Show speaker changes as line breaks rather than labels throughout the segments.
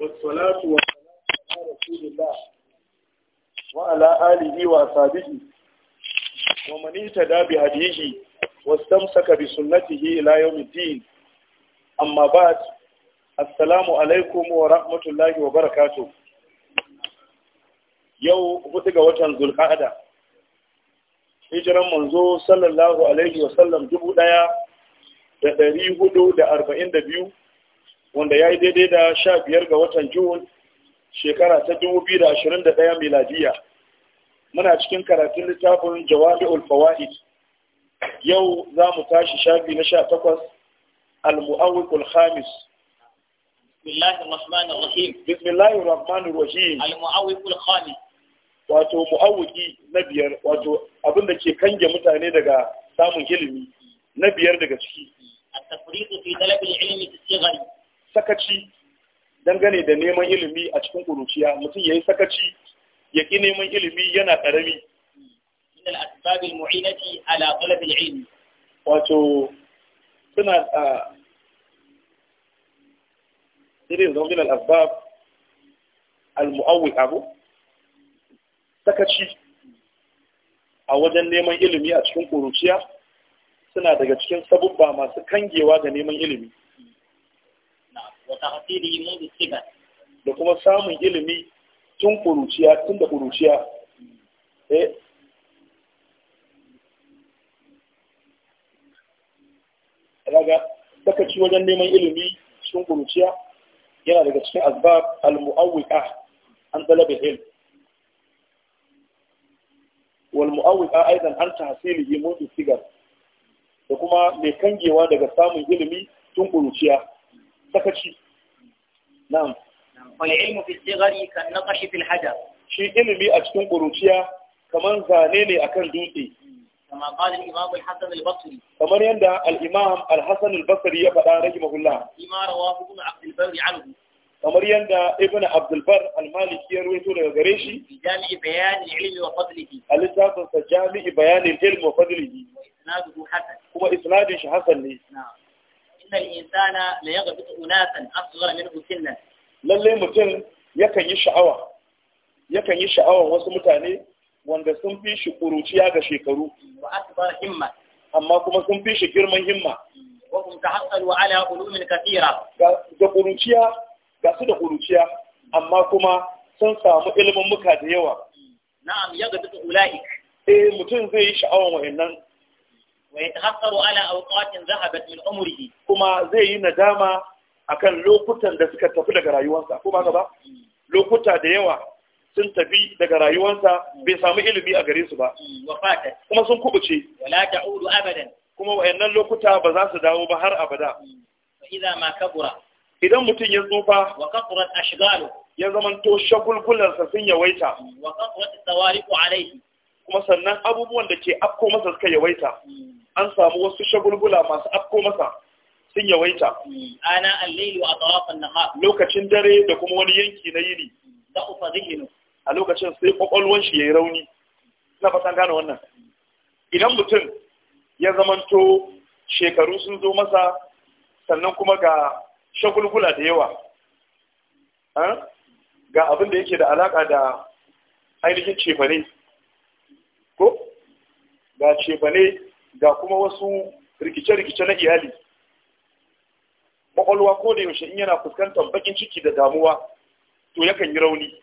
والصلاة والسلام على رسول الله وعلى آله وأصحابه ومن اهتدى بهديه واستمسك بسنته إلى يوم الدين أما بعد السلام عليكم ورحمة الله وبركاته يو hudu وطن ذو القعدة hijiran manzo sallallahu alaihi wasallam dubu daya da dari hudu da arba'in da biyu wanda ya yi daidai da sha biyar ga watan Jun shekara ta dubu biyu da ashirin da ɗaya miladiya. Muna cikin karatun littafin Jawabi Fawa'id. Yau za mu tashi shafi na sha takwas Al-Mu'awwiqul Khamis. Bismillahir Rahmanir Rahim. Al-Mu'awwiqul Khamis. Wato mu'awwiki na biyar wato abin da ke kange mutane daga samun ilimi na biyar daga ciki. التفريط في طلب العلم في الصغر sakaci dangane da neman ilimi a cikin ƙuruciya mutum ya yi sakaci ya ƙi neman ilimi yana ƙarami
min asibabin muinati ala talab al
wato suna a ɗiri zama min al'asbab al-mu'awwi abu sakaci a wajen neman ilimi a cikin ƙuruciya suna daga cikin sabubba masu kangewa ga neman ilimi da kuma samun ilimi tun kuruciya tun da kuruciya eh daga sakaci wajen neman ilimi tun kuruciya yana daga cikin asbab al-mu'awwiqa an talab al wal mu'awwiqa aidan an tahsilihi mundu sigar da kuma mai kangewa daga samun ilimi tun kuruciya sakaci na'am
wal ilmu fi sigari kan naqashi fil hajar
shi ilimi a cikin ƙuruciya kamar zane ne akan dutse
كما قال الإمام al البصري
كما عند الإمام الحسن البصري يبدا رحمه الله
فيما رواه ابن عبد البر عنه
daga gare shi
jami bayan ilmi wa fadlihi
ilmi wa fadlihi hasan kuma isnadin shi hasan ne
innal insana la yaghbitu unasan asghara minhu sinnan
lalle mutum yakan yi sha'awa yakan yi sha'awar wasu mutane wanda sun fi shi ƙuruciya ga shekaru wa akbar himma amma kuma sun fi shi girman himma
wa hum tahassalu ala ulumin kathira
da kuruciya ga su da ƙuruciya. amma kuma sun samu ilimin muka da yawa
na'am duka ulaik
eh mutum zai yi sha'awan wa'annan
wa yatahassaru ala awqatin zahabat min umrihi
kuma zai yi nadama akan lokutan da suka tafi daga rayuwarsa kuma ba mm. lokuta da yawa sun tafi daga rayuwarsa mm. bai samu ilimi a gare su ba mm, kuma sun kubuce wala
ta'udu abadan
kuma wayannan lokuta ba za su dawo ba har abada
idza ma kabura
idan mutum ya tsufa wa kasurat ashgalu ya zamanto shagulgulansa sun yawaita wa kasurat tawariqu alayhi kuma sannan abubuwan da ke afko masa suka yawaita an samu wasu shagulgula masu afko masa sun yawaita ana a lokacin dare da kuma wani yanki na yini da ufa zikinu a lokacin sai kwakwalwan shi yayi rauni na fasan gane wannan idan mutum ya zamanto shekaru sun zo masa sannan kuma ga shagulgula da yawa ga abin da yake da alaka da ainihin cefane ko ga ne ga kuma wasu rikice-rikice na iyali makwalwa ko da yaushe in yana fuskantar bakin ciki da damuwa to yakan yi rauni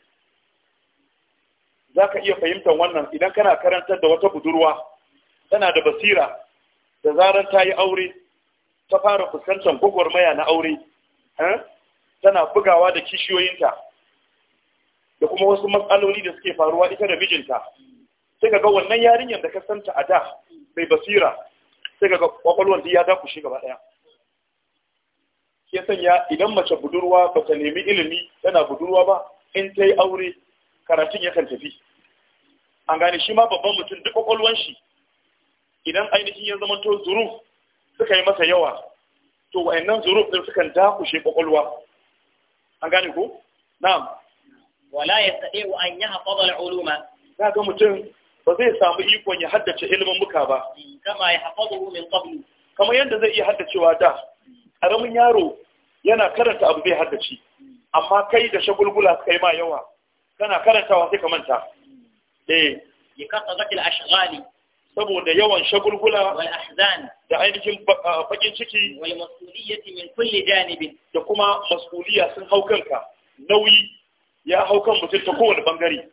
za ka iya fahimtar wannan idan kana karantar da wata budurwa tana da basira da zarar ta yi aure ta fara fuskantar gwagwarmaya na aure eh? tana bugawa da kishiyoyinta da kuma wasu matsaloli da suke faruwa ita da mijinta sai ga wannan yarinyar da ka santa a da mai basira sai ga kwakwalwar ya shi gaba daya ya sanya idan mace budurwa ba ta nemi ilimi tana budurwa ba in ta yi aure karatun yakan tafi an gane shi ma babban mutum duk kwakwalwar shi idan ainihin ya zama to zuruf suka yi masa yawa to wa'annan zuruf din sukan dakushe kwakwalwa an gane ko na'am
wala yastati'u an yahfaza al-uluma
ga mutum ba zai samu ikon ya haddace ilimin muka ba kama kamar yadda zai iya haddacewa da karamin yaro yana karanta abu zai haddace amma kai da shagulgula kai ma yawa kana karantawa sai ka manta eh ya saboda yawan shagulgula da ainihin bakin ciki da kuma masuliya sun hau kanka nauyi ya hau kan mutum ta kowane bangare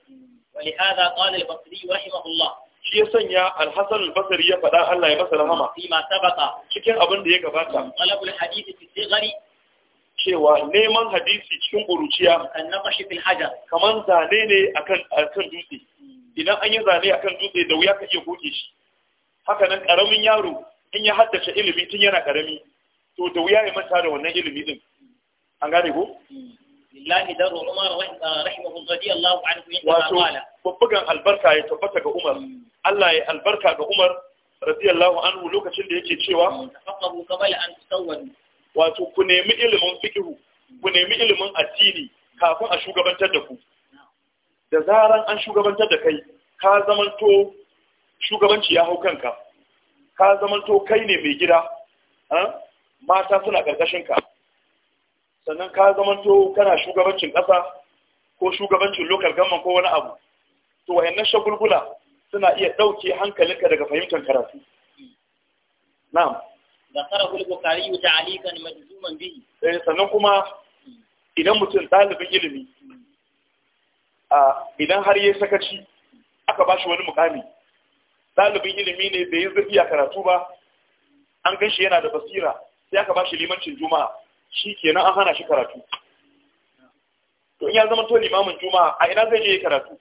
ولهذا قال
البصري رحمه الله shi ya sanya alhassan albasari ya faɗa Allah ya masa rahama cikin abin da ya gabata hadisi cewa neman hadisi cikin ƙuruciya kan nafashi fil hajar zane ne akan dutse idan an yi zane akan dutse da wuya ka iya goge shi haka nan karamin yaro in ya haddace ilimi tun yana karami to da wuya ya manta da wannan ilimi din an gane ko lillahi daru umar ah, rahimahu radiyallahu anhu inda qala bubugan albarka ya tabbata ga umar hmm. Allah ya albarka ga umar radiyallahu anhu lokacin da yake cewa hmm. tafaqahu qabla an tusawwadu wato ku nemi ilimin fiqh ku nemi ilimin addini kafin a shugabantar da ku da zaran an shugabantar da kai ka zamanto shugabanci ya hau kanka ka zamanto kai ne mai gida ah, mata suna ƙarƙashinka sannan ka zamanto kana shugabancin ƙasa ko shugabancin lokal gamman ko wani abu to wayannan shagulgula suna iya ɗauke hankalinka daga fahimtar karatu na'am ذكره البخاري تعليقا مجزوما به sannan kuma idan mutum ɗalibin ilimi idan har yi sakaci aka ba shi wani mukami ɗalibin ilimi ne bai yi zurfi a karatu ba an gan shi yana da basira sai aka ba shi limancin juma'a shi kenan an hana shi karatu to in ya zama to limamin juma'a a ina zai je karatu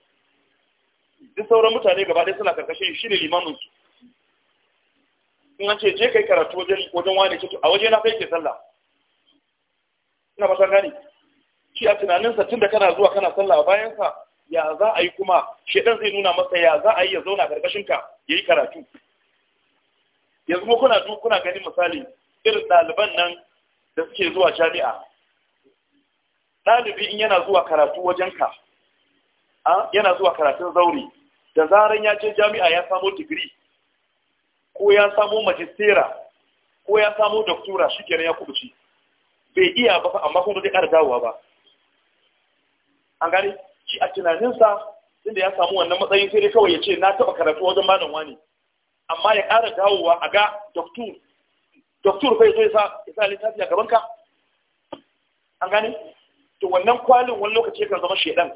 duk sauran mutane gaba ɗaya suna karkashin shi ne limamin su in an ce je kai karatu wajen wajen wani ce a waje na kai ke sallah ina ba gani shi a tunaninsa da kana zuwa kana sallah a sa ya za a yi kuma shedan zai nuna masa ya za a yi ya zauna karkashin ka ya yi karatu yanzu kuma kuna duk kuna ganin misali irin ɗaliban nan da suke zuwa jami'a ɗalibi in yana zuwa karatu wajenka yana zuwa karatun zaure da zaren ya je jami'a ya samo digiri ko ya samo majistera ko ya samo doktora shi kenan ya kubuci bai iya ba amma kuma zai ƙara dawowa ba an gani shi a tunaninsa inda ya samu wannan matsayin sai dai kawai ya ce na taɓa karatu wajen malamwa ne. amma ya ƙara dawowa a ga doktor doktor kai zai sa littafi a gabanka an gane to wannan kwalin wani lokaci kan zama shedan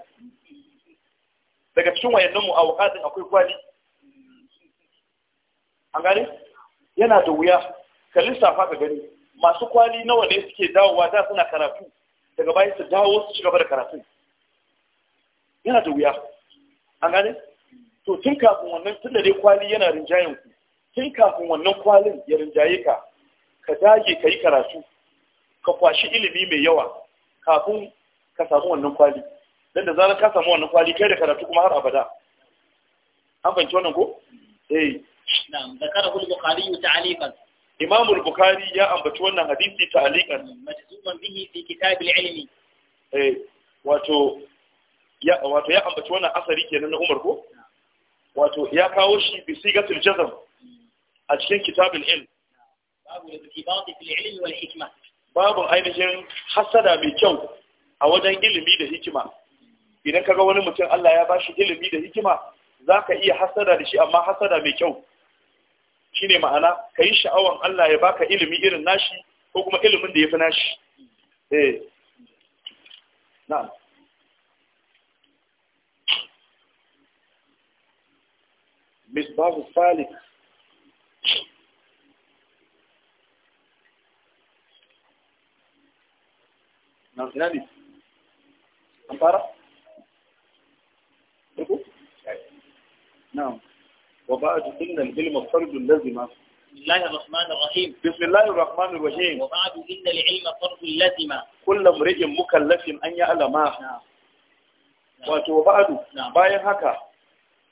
daga cikin wayannan mu a wakatin akwai kwali an gane yana da wuya ka lissafa ka gani masu kwali nawa ne suke dawowa da suna karatu daga bayan su dawo su ci gaba da karatun yana da wuya an gane to tun kafin wannan tun da dai kwali yana rinjayen ku tun kafin wannan kwalin ya rinjaye ka ka dage ka yi karatu ka kwashi ilimi mai yawa kafin ka samu wannan kwali don da zarar ka samu wannan kwali kai da karatu kuma har abada an fahimci wannan ko eh na'am zakarahu al-bukhari ta'liqan imam al-bukhari ya ambaci wannan hadisi ta'liqan majzuman bihi fi kitab al-ilmi eh wato ya wato ya ambaci wannan asari kenan na Umar ko wato ya kawo shi bi sigatul jazm a cikin kitab al-ilm babu ainihin hasada mai kyau a wajen ilimi da hikima idan kaga wani mutum Allah ya bashi ilimi da hikima zaka iya hasada da shi amma hasada mai kyau shine ma'ana ka yi sha'awan Allah ya baka ilimi irin nashi ko kuma ilimin da yafi nashi eh na'am misbahu na ina ne an fara uku na'am wa ba'd ilma fardun lazima
بسم الله الرحمن الرحيم
بسم الله الرحمن الرحيم
وبعد إن العلم فرض لازم
كل امرئ مكلف أن يعلم نعم wato ba'adu bayan haka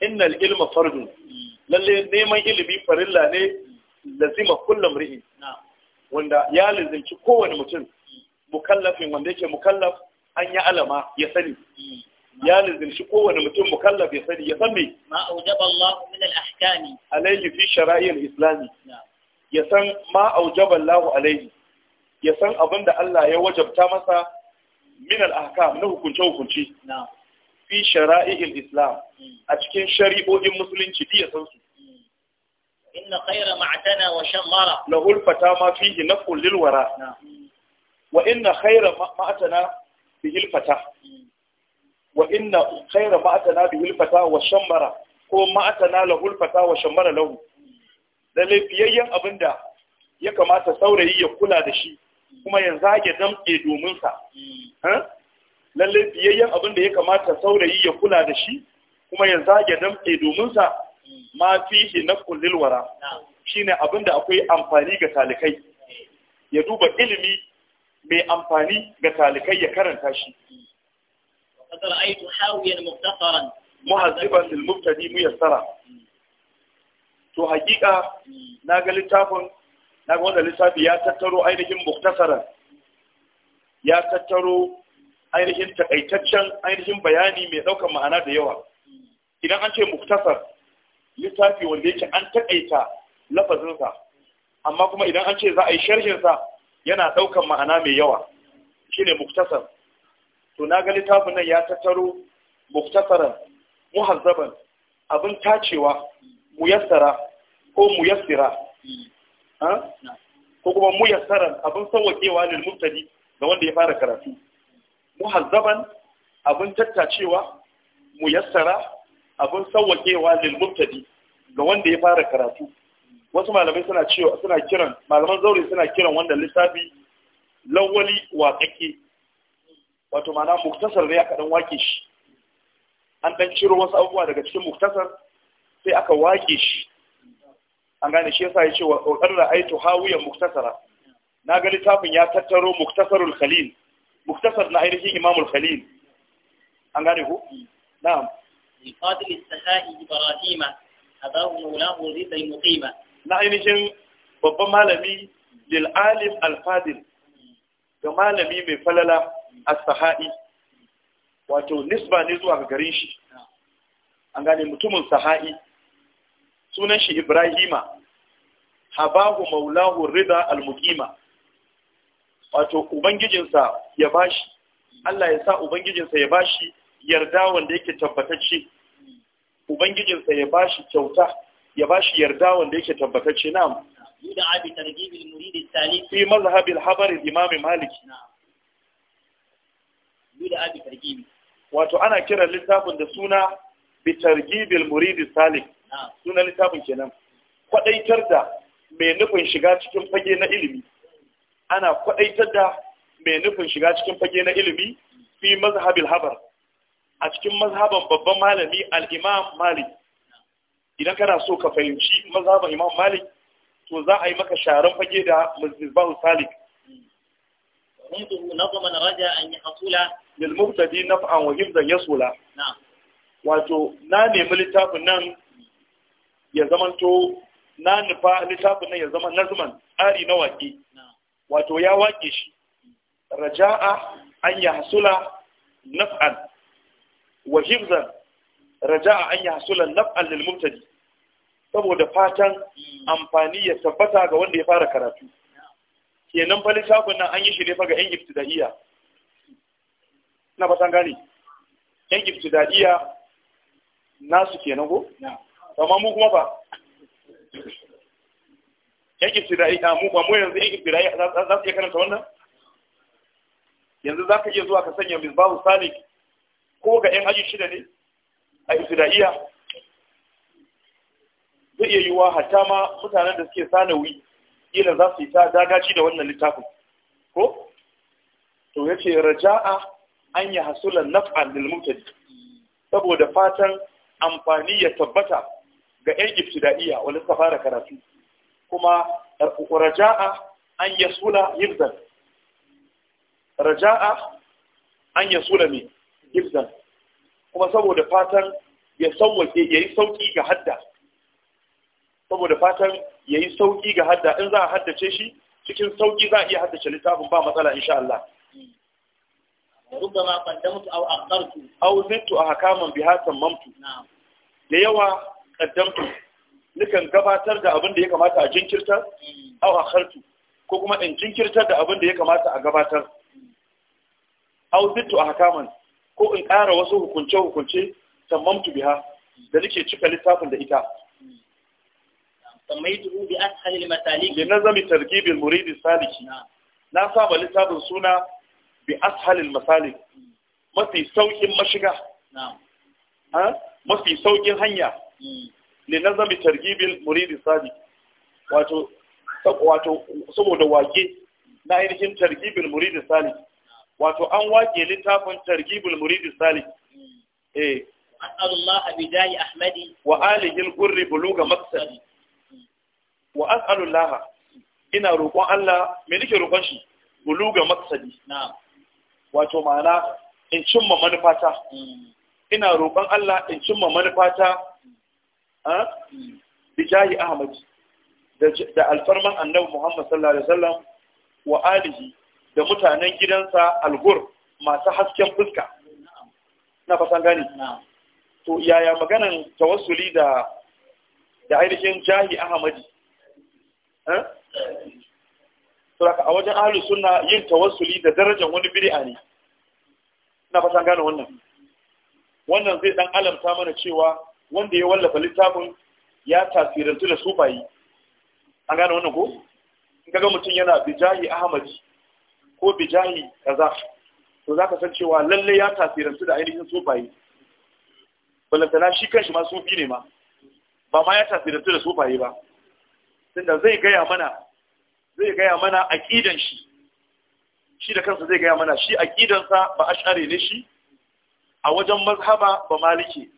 innal ilma fardun mm. lalle neman ilimi farilla ne mm. lazima kullum ri'in wanda ya lizinci kowane mutum mukallafin wanda yake mukallaf an ya alama ya sani ya lizinci kowane mutum mukallaf ya sani ya san me
ma aujaba Allah min al-ahkami
alayhi fi shara'i al-islami ya san ma aujaba alayhi ya san abinda Allah ya wajabta masa min al-ahkam na hukunce hukunci fi shara'i al-islam hmm. a cikin shari'o'in musulunci ya san su hmm.
inna khayra ma'tana wa shammara lahu
al-fata ma fihi naf'un lil wara wa inna khaira ma'atana bi hilfata wa inna khaira ma'atana bi hilfata wa shammara ko ma'atana la hulfata wa shammara lahu lalle fiyayyen abinda ya kamata saurayi ya kula da shi kuma ya zage damke domin sa lalle fiyayyen abinda ya kamata saurayi ya kula da shi kuma ya zage damke domin sa ma fihi nafqul lilwara shine abinda akwai amfani ga talikai ya duba ilimi mai amfani ga talikai ya karanta shi
وقد رأيت
mu yassara. to hakika naga littafin wanda littafi ya tattaro ainihin muktasaran ya tattaro ainihin takaitaccen ainihin bayani mai ɗaukar ma'ana da yawa idan an ce muktasar littafi wanda yake an takaita lafazinsa amma kuma idan an ce za a yi sharhinsa yana ɗaukan ma'ana mai yawa shine muktasar to na ga littafin nan ya tattaro muktasaran muhazzaban abin tacewa muyassara ko muyassira ko kuma muyassaran abin sauwaƙewa lil mubtadi ga wanda ya fara karatu muhazzaban abin tattacewa muyassara abin sauwaƙewa lil mubtadi ga wanda ya fara karatu wasu malamai suna cewa suna kiran malaman zauri suna kiran wanda lissafi lawali tsake wato mana muktasar ne aka dan wake shi an dan ciro wasu abubuwa daga cikin muktasar sai aka wake shi an gane shi yasa yace wa qadar ra'aytu hawiyan muktasara na ga littafin ya tattaro muktasarul khalil muktasar na ainihin imamul khalil an gane ku na'am
qadil istahai
ibrahima abahu mawlahu zidda muqima na ainihin babban malami lil'alim alfadil ga malami mai falala a sahai wato nisba ne zuwa ga garin shi an gane mutumin saha'i sunan shi ibrahima habahu maulahu rida al-muqima wato ubangijinsa ya bashi Allah ya sa ubangijinsa ya bashi yarda wanda yake tabbatacce ubangijinsa ya bashi kyauta ya ba shi yarda wanda yake tabbatacce na fi mazhab al-habar malik wato ana kiran littafin da suna bi targibil Salik, suna sunan littafin kenan kwadaitar da mai nufin shiga cikin fage na ilimi ana kwadaitar da mai nufin shiga cikin fage na ilimi fi mazhabil habar a cikin mazhaban babban malami al'imam malik idan kana so ka fahimci mazhabin imam malik to za a yi maka sharan fage da mazhabin salik lilmubtadi naf'an wa hibzan yasula wato na nemi littafin nan ya zamanto na nufa littafin nan ya zama nazman ari na waƙe wato ya wake shi raja'a an ya hasula naf'an wa hibzan a an yi hasulan naf'an lil mubtadi saboda fatan amfani ya tabbata ga wanda ya fara karatu kenan fa lissafin nan an yi shi ne fa ga yan ibtidaiya na fatan gane yan ibtidaiya nasu kenan ko amma mu kuma ba yan ibtidaiya mu ba mu yanzu yan ibtidaiya za su iya karanta wannan yanzu za ka iya zuwa ka sanya misbahu salik ko ga yan aji shida ne a isra'iya zai iya yiwuwa hatta ma mutanen da suke sanawi ƙila za su yi ta dagaci da wannan littafin ko to ya ce raja'a an yi hasulan naf'an lil saboda fatan amfani ya tabbata ga yan ibtida'iyya wani suka fara karatu kuma raja'a an sula hifzan raja'a an sula kuma saboda fatan ya sauwake ya yi sauƙi ga hadda saboda fatan ya yi sauƙi ga hadda in za a haddace shi cikin sauƙi za a iya haddace littafin ba matsala insha Allah ربما قدمت او اخرت او زدت احكاما بها تممت نعم da gabatar da abin da ya kamata a jinkirtar mm. au akhartu ko kuma in jinkirta da abin da ya kamata a gabatar mm. au zittu ahkaman ko in ƙara wasu hukunce-hukunce ta Mamtu biha da nake cika littafin da ita sammaituhu bi ashal matalik li nazami targhib al murid saliki na saba littafin suna bi ashal al masalik mafi sauƙin mashiga mafi sauƙin hanya ne hmm. nazami targhib al murid saliki wato wato saboda wake na ainihin targhib al murid saliki wato an wake littafin targhibul murid salih mm. eh mm. Allah al-qurri mm. ina roƙon Allah in cimma manufata ina roƙon Allah in cimma manufata a bijahi ahmadi da alfarman annabi Muhammad sallallahu alaihi da mutanen gidansa algur masu hasken fuska na fasan gani to yaya maganan tawassuli da da ainihin jahi ahmadi saboda eh? a wajen ahlus sunna yin tawassuli da darajar wani bid'a ne na fasan gane wannan wannan zai dan alamta mana cewa wanda ya wallafa littafin ya tasirantu da sufayi an gane wannan ko in kaga mutum yana bijahi ahmadi ko bijahi kaza to za ka san cewa lalle ya tasirantu da ainihin sufaye balantana shi kanshi ma sufi ne ma ba ma ya tasirantu da sufaye ba tunda zai gaya mana zai gaya mana aqidan shi shi da kansa zai gaya mana shi aqidansa ba ash'ari ne shi a wajen mazhaba ba maliki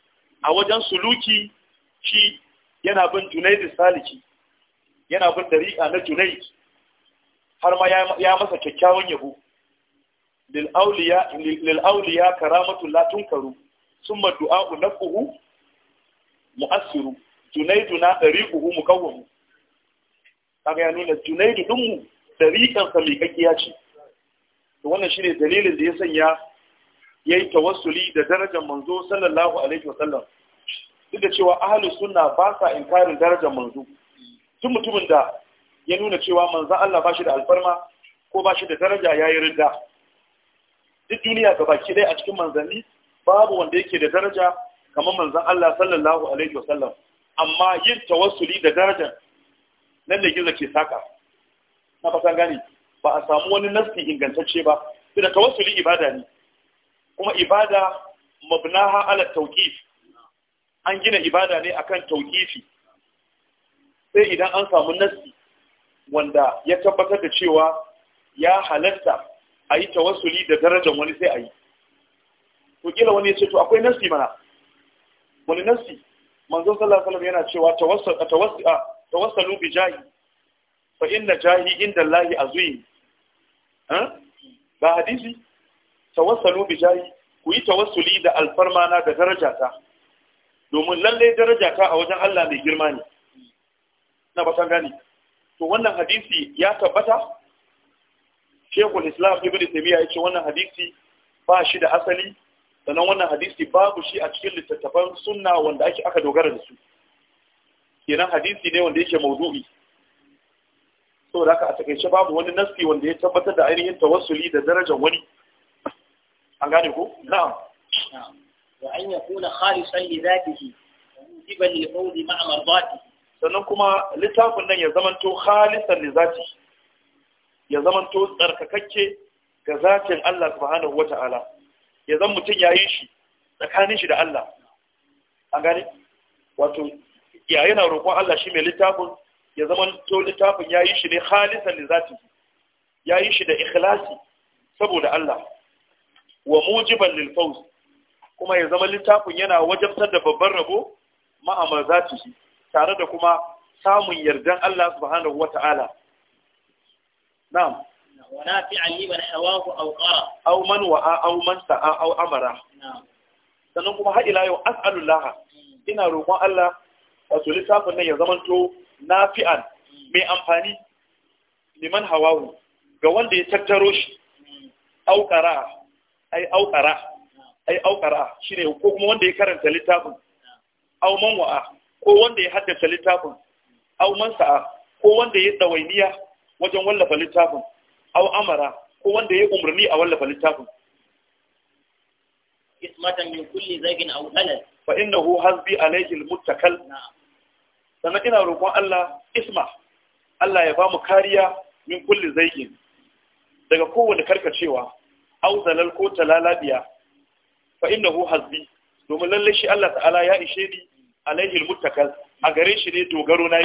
a wajen suluki shi yana bin junaid saliki yana bin dariqa na junaid har ma ya masa kyakkyawan yabo lil auliya karamatu la tunkaru summa du'a'u nafuhu mu'assiru junaidu na kawo mu. kaga ya nuna junaidu ɗin mu ɗari kansa mai kakkiya ce to wannan shine dalilin da ya sanya yayi tawassuli da darajar manzo sallallahu alaihi wa sallam. duk da cewa ahlus sunna ba sa inkarin darajar manzo duk mutumin da ya nuna cewa manzan Allah ba shi da alfarma ko ba shi da daraja ya yi ridda duk duniya ga baki dai a cikin manzanni babu wanda yake da daraja kamar manzan Allah sallallahu alaihi wasallam amma yin tawassuli da darajar nan da gizo ke saka na fasan gani ba a samu wani nasti ingantacce ba sai da tawassuli ibada ne kuma ibada mabnaha ala tawqif an gina ibada ne akan tawqifi sai idan an samu nasti wanda ya tabbatar da cewa ya halatta a yi tawassuli da darajar wani sai a yi to kila wani ya ce to akwai nasi mana wani nasi manzon sallallahu alaihi yana cewa tawassalu bi jahi fa inna jahi inda a azim ba hadisi tawassalu bi jahi ku yi tawassuli da alfarma na da darajata domin lalle darajata a wajen Allah mai girma ne na ba gani to wannan hadisi ya tabbata shekul islam ibn taymiya yace wannan hadisi ba shi da asali sannan wannan hadisi babu shi a cikin littattafan sunna wanda ake aka dogara da su kenan hadisi ne wanda yake maudu'i saboda haka a takaice babu wani nasi wanda ya tabbatar da ainihin tawassuli da darajar wani an gane ko na'am wa an yakuna khalisan li dhatihi mujiban li qawli ma'a mardatihi sannan kuma littafin nan ya zamanto halisan da zaci ya zamanto tsarkakakke ga zacin Allah subhanahu wata'ala ya zan mutum yayin shi tsakanin shi da Allah an gane wato ya yana roƙon Allah shi mai littafin ya zamanto littafin yayin shi ne khalisan li zati yayin shi da ikhlasi saboda Allah wa mujiban lil fawz kuma ya zama littafin yana wajabtar da babban rabo ma'a shi. tare da kuma samun yardan Allah subhanahu wata'ala na'am
wa nafi'an liman hawahu aw qara
aw man wa'a au man sa'a au amara na'am sannan kuma haɗi layo yau as'alullah hmm. ina roƙon Allah wato littafin nan ya zamanto nafi'an hmm. mai amfani liman hawahu ga wanda ya tattaro shi hmm. auƙara ai auƙara ai auƙara shine ko kuma wanda ya karanta littafin au man wa'a ko wanda ya haddasa littafin au man sa'a ko wanda ya dawainiya wajen wallafa littafin au amara ko wanda ya umarni a wallafa littafin ismatan min kulli zaqin aw halal fa innahu hasbi alayhi almuttakal sannan ina roƙon Allah isma Allah ya bamu kariya min kulli zaqin daga kowane karkacewa aw zalal ko talalabiya fa innahu hasbi domin lalle shi Allah ta'ala ya ishe ni alaihi muttakal a gare shi ne dogaro na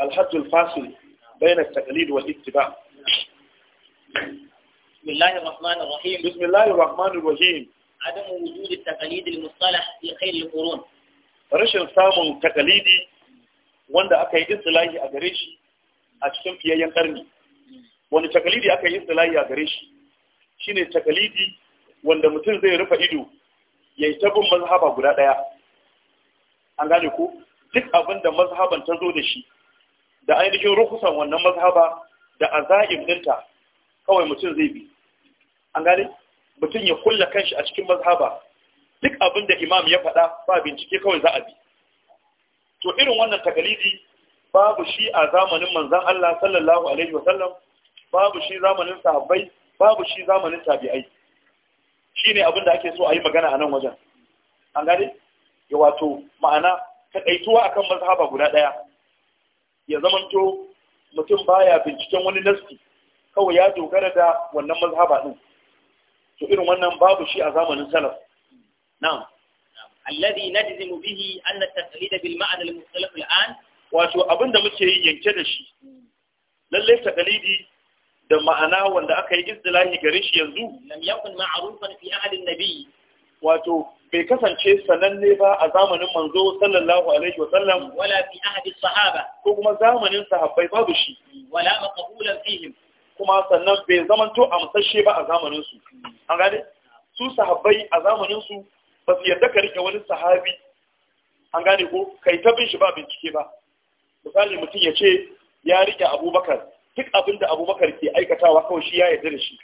الحد الفاصل بين التقليد والاتباع
بسم الله الرحمن
الرحيم بسم الله الرحمن الرحيم عدم وجود التقاليد المصطلح في خير القرون رشل سامو تقليدي wanda aka yi istilahi a gare shi a cikin fiyayyen karni wani takalidi aka yi istilahi a gare shi shine takalidi wanda mutum zai rufe ido ya yi tabin mazhaba guda ɗaya an gane ko duk abin da mazhaban ta zo da shi da ainihin rukusan wannan mazhaba da azaim dinta kawai mutum zai bi an gane mutum ya kulla kanshi a cikin mazhaba duk abin da imam ya faɗa ba bincike kawai za a bi to irin wannan takalidi babu shi a zamanin manzan Allah sallallahu alaihi wasallam babu shi zamanin sahabbai babu shi zamanin tabi'ai Shi ne abin da ake so a yi magana a nan wajen an gane ya wato ma'ana takaituwa akan mazhaba guda ɗaya. ya zamanto mutum baya binciken wani nasti kawai ya dogara da wannan mazhaba ɗin to irin wannan babu shi a zamanin salaf na.
alladhi najzimu bihi anna at-taqlid bil ma'na al-mukhtalif al-an
wato abinda muke yanke da shi lalle taqlidi da ma'ana wanda aka yi istilahi garin shi yanzu
lam yakun ma'rufan fi ahli an-nabi
wato bai kasance sananne ba a zamanin manzo sallallahu alaihi wa sallam
wala fi ahli sahaba
ko kuma zamanin sahabbai babu shi wala
maqbulan fihim
kuma sannan bai zamanto amsashe ba a zamanin su an gane su sahabbai a zamanin su ba su yarda ka rike wani sahabi an gane ko kai ta bin shi ba bincike ba misali mutum ya ce ya rike abubakar duk abin da abubakar ke aikatawa kawai shi ya yarda da shi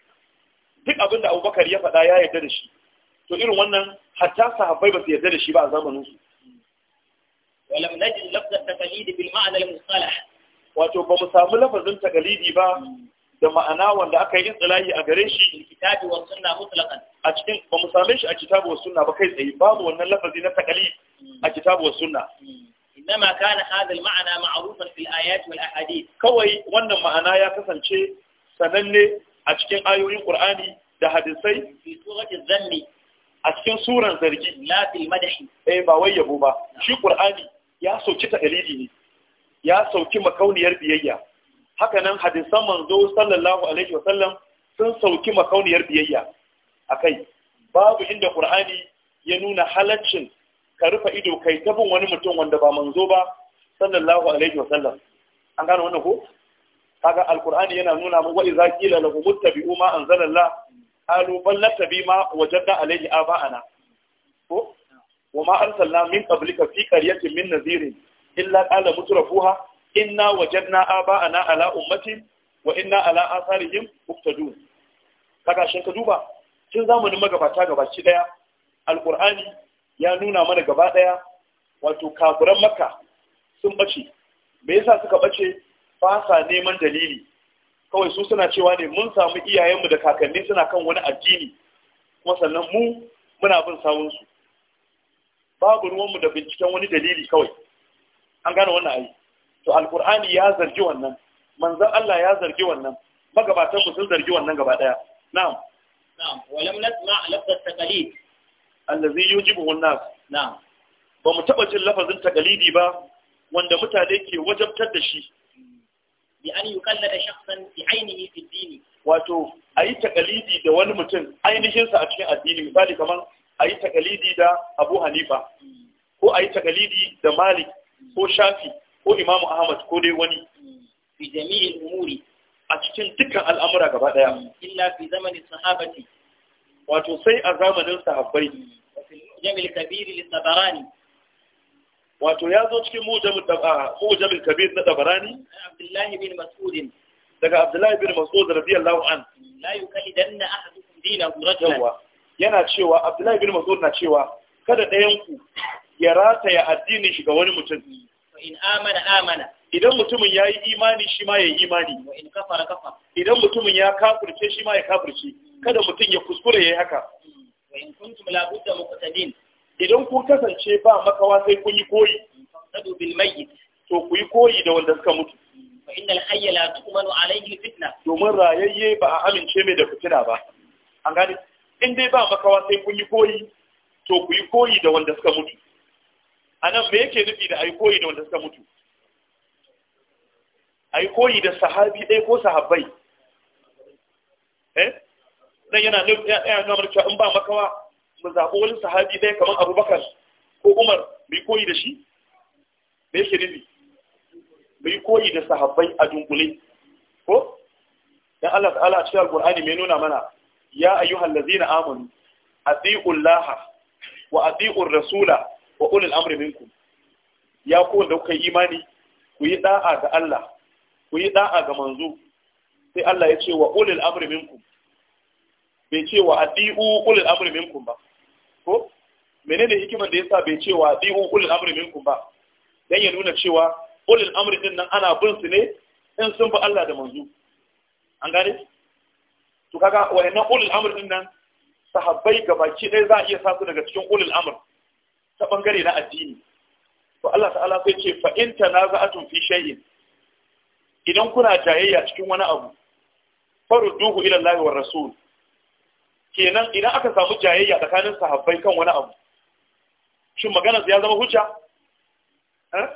duk abin da abubakar ya faɗa ya yarda da shi to irin wannan hatta sahabbai ba su yarda da shi ba a zamanin su
ولم نجد لفظ التقليد بالمعنى المصطلح
wato ba mu samu lafazin takalidi ba da ma'ana wanda aka yi intsilahi a gare shi
in ba mu
same shi a kitabu wa sunna ba kai tsaye babu wannan lafazi na takalif hmm. a kitabu wa sunna انما كان هذا المعنى معروفا في الايات والاحاديث كوي wannan ma'ana ya kasance sananne a cikin ayoyin qur'ani da hadisai fi surati a cikin suran zargi la fil eh, ba wai yabo ba shi qur'ani ya sauki ta ne ya sauki makauniyar biyayya haka nan hadisan manzo sallallahu alaihi wa sun sauki makauniyar biyayya akai babu inda qur'ani ya nuna halaccin ka rufe ido kai ta bin wani mutum wanda ba manzo ba sallallahu alaihi wa an gano wannan ko kaga alqur'ani yana nuna mu wa idza qila lahum ittabi'u ma anzalallah qalu bal nattabi ma wajadna alaihi aba'ana ko wa ma arsalna min qablika fi qaryatin min nadhirin illa qala mutrafuha inna wajadna aba'ana ala ummati wa inna ala atharihim muqtadun kaga shi ka duba tun zamanin magabata gabaci daya alqur'ani ya nuna mana gaba daya wato kafiran makka sun bace me yasa suka bace ba sa neman dalili kawai su suna cewa ne mun samu iyayenmu da kakanni suna kan wani addini kuma sannan mu muna bin sawunsu babu ruwanmu da binciken wani dalili kawai an gane wannan ayi to alkur'ani ya zargi wannan manzon Allah ya zargi wannan magabatan ku sun zargi wannan gaba daya na'am na'am walam nasma lafz at-taqalid allazi yujibuhu an-nas na'am ba mu taba jin lafazin taqalidi ba wanda mutane ke wajabtar da shi bi an yuqallada shakhsan bi ainihi fi dini wato ayi taqalidi da wani mutum ainihin sa a cikin addini misali kaman ayi taqalidi da Abu Hanifa mm. ko ayi taqalidi da Malik ko Shafi ko imamu ahmad ko dai wani fi jami'il umuri a cikin dukkan al'amura gaba daya
illa fi zamanin sahabati
wato sai a zamanin sahabbai
jamil kabir li tabarani
wato ya zo cikin mujamil kabir na tabarani
abdullahi bin
mas'ud daga abdullahi bin mas'ud radiyallahu an
la yukallidanna ahadukum dinahu
rajulan yana cewa abdullahi bin mas'ud na cewa kada ɗayan ku ya rataya addinin shi ga wani mutum mm.
in amana amana
idan mutumin ya yi imani shi ma ya yi imani wa in idan mutumin ya kafirce shi ma ya kafirce kada mutum ya kuskure ya yi haka wa in idan kun kasance ba makawa sai kun yi koyi to ku yi koyi da wanda suka mutu fitna domin rayayye ba a amince mai da fitina ba an gani. in dai ba makawa sai kun yi koyi to ku yi koyi da wanda suka mutu a nan me yake nufi da a koyi da wanda suka mutu a yi koyi da sahabi ɗaya ko sahabbai eh dan yana ɗaya nuna cewa in ba makawa mu zaɓi wani sahabi ɗaya kamar abubakar ko umar mai yi koyi da shi me yake nufi mai yi koyi da sahabbai a dunkule ko dan Allah ta'ala a cikin alqur'ani mai nuna mana ya ayyuhal ladzina amanu atiiu llaha wa atiiu rasula wa ulil amri minkum ya ku wanda kuka yi imani ku yi da'a ga Allah ku yi da'a ga manzo sai Allah ya ce wa ulil amri minkum bai ce wa adi'u ulil amri minkum ba ko menene hikimar da yasa bai ce wa adi'u ulil amri minkum ba dan ya nuna cewa ulil amri din nan ana bin su ne in sun bi Allah da manzo an gane to kaga wayannan ulil amri din nan sahabbai gabaki ɗaya za a iya sa su daga cikin ulil amri ta bangare na addini to Allah ta'ala sai ce fa in tanaza'atum fi shay'in idan kuna jayayya cikin wani abu farudduhu ila Allah wa rasul kenan idan aka samu jayayya tsakanin sahabbai kan wani abu shin magana ya zama hujja eh?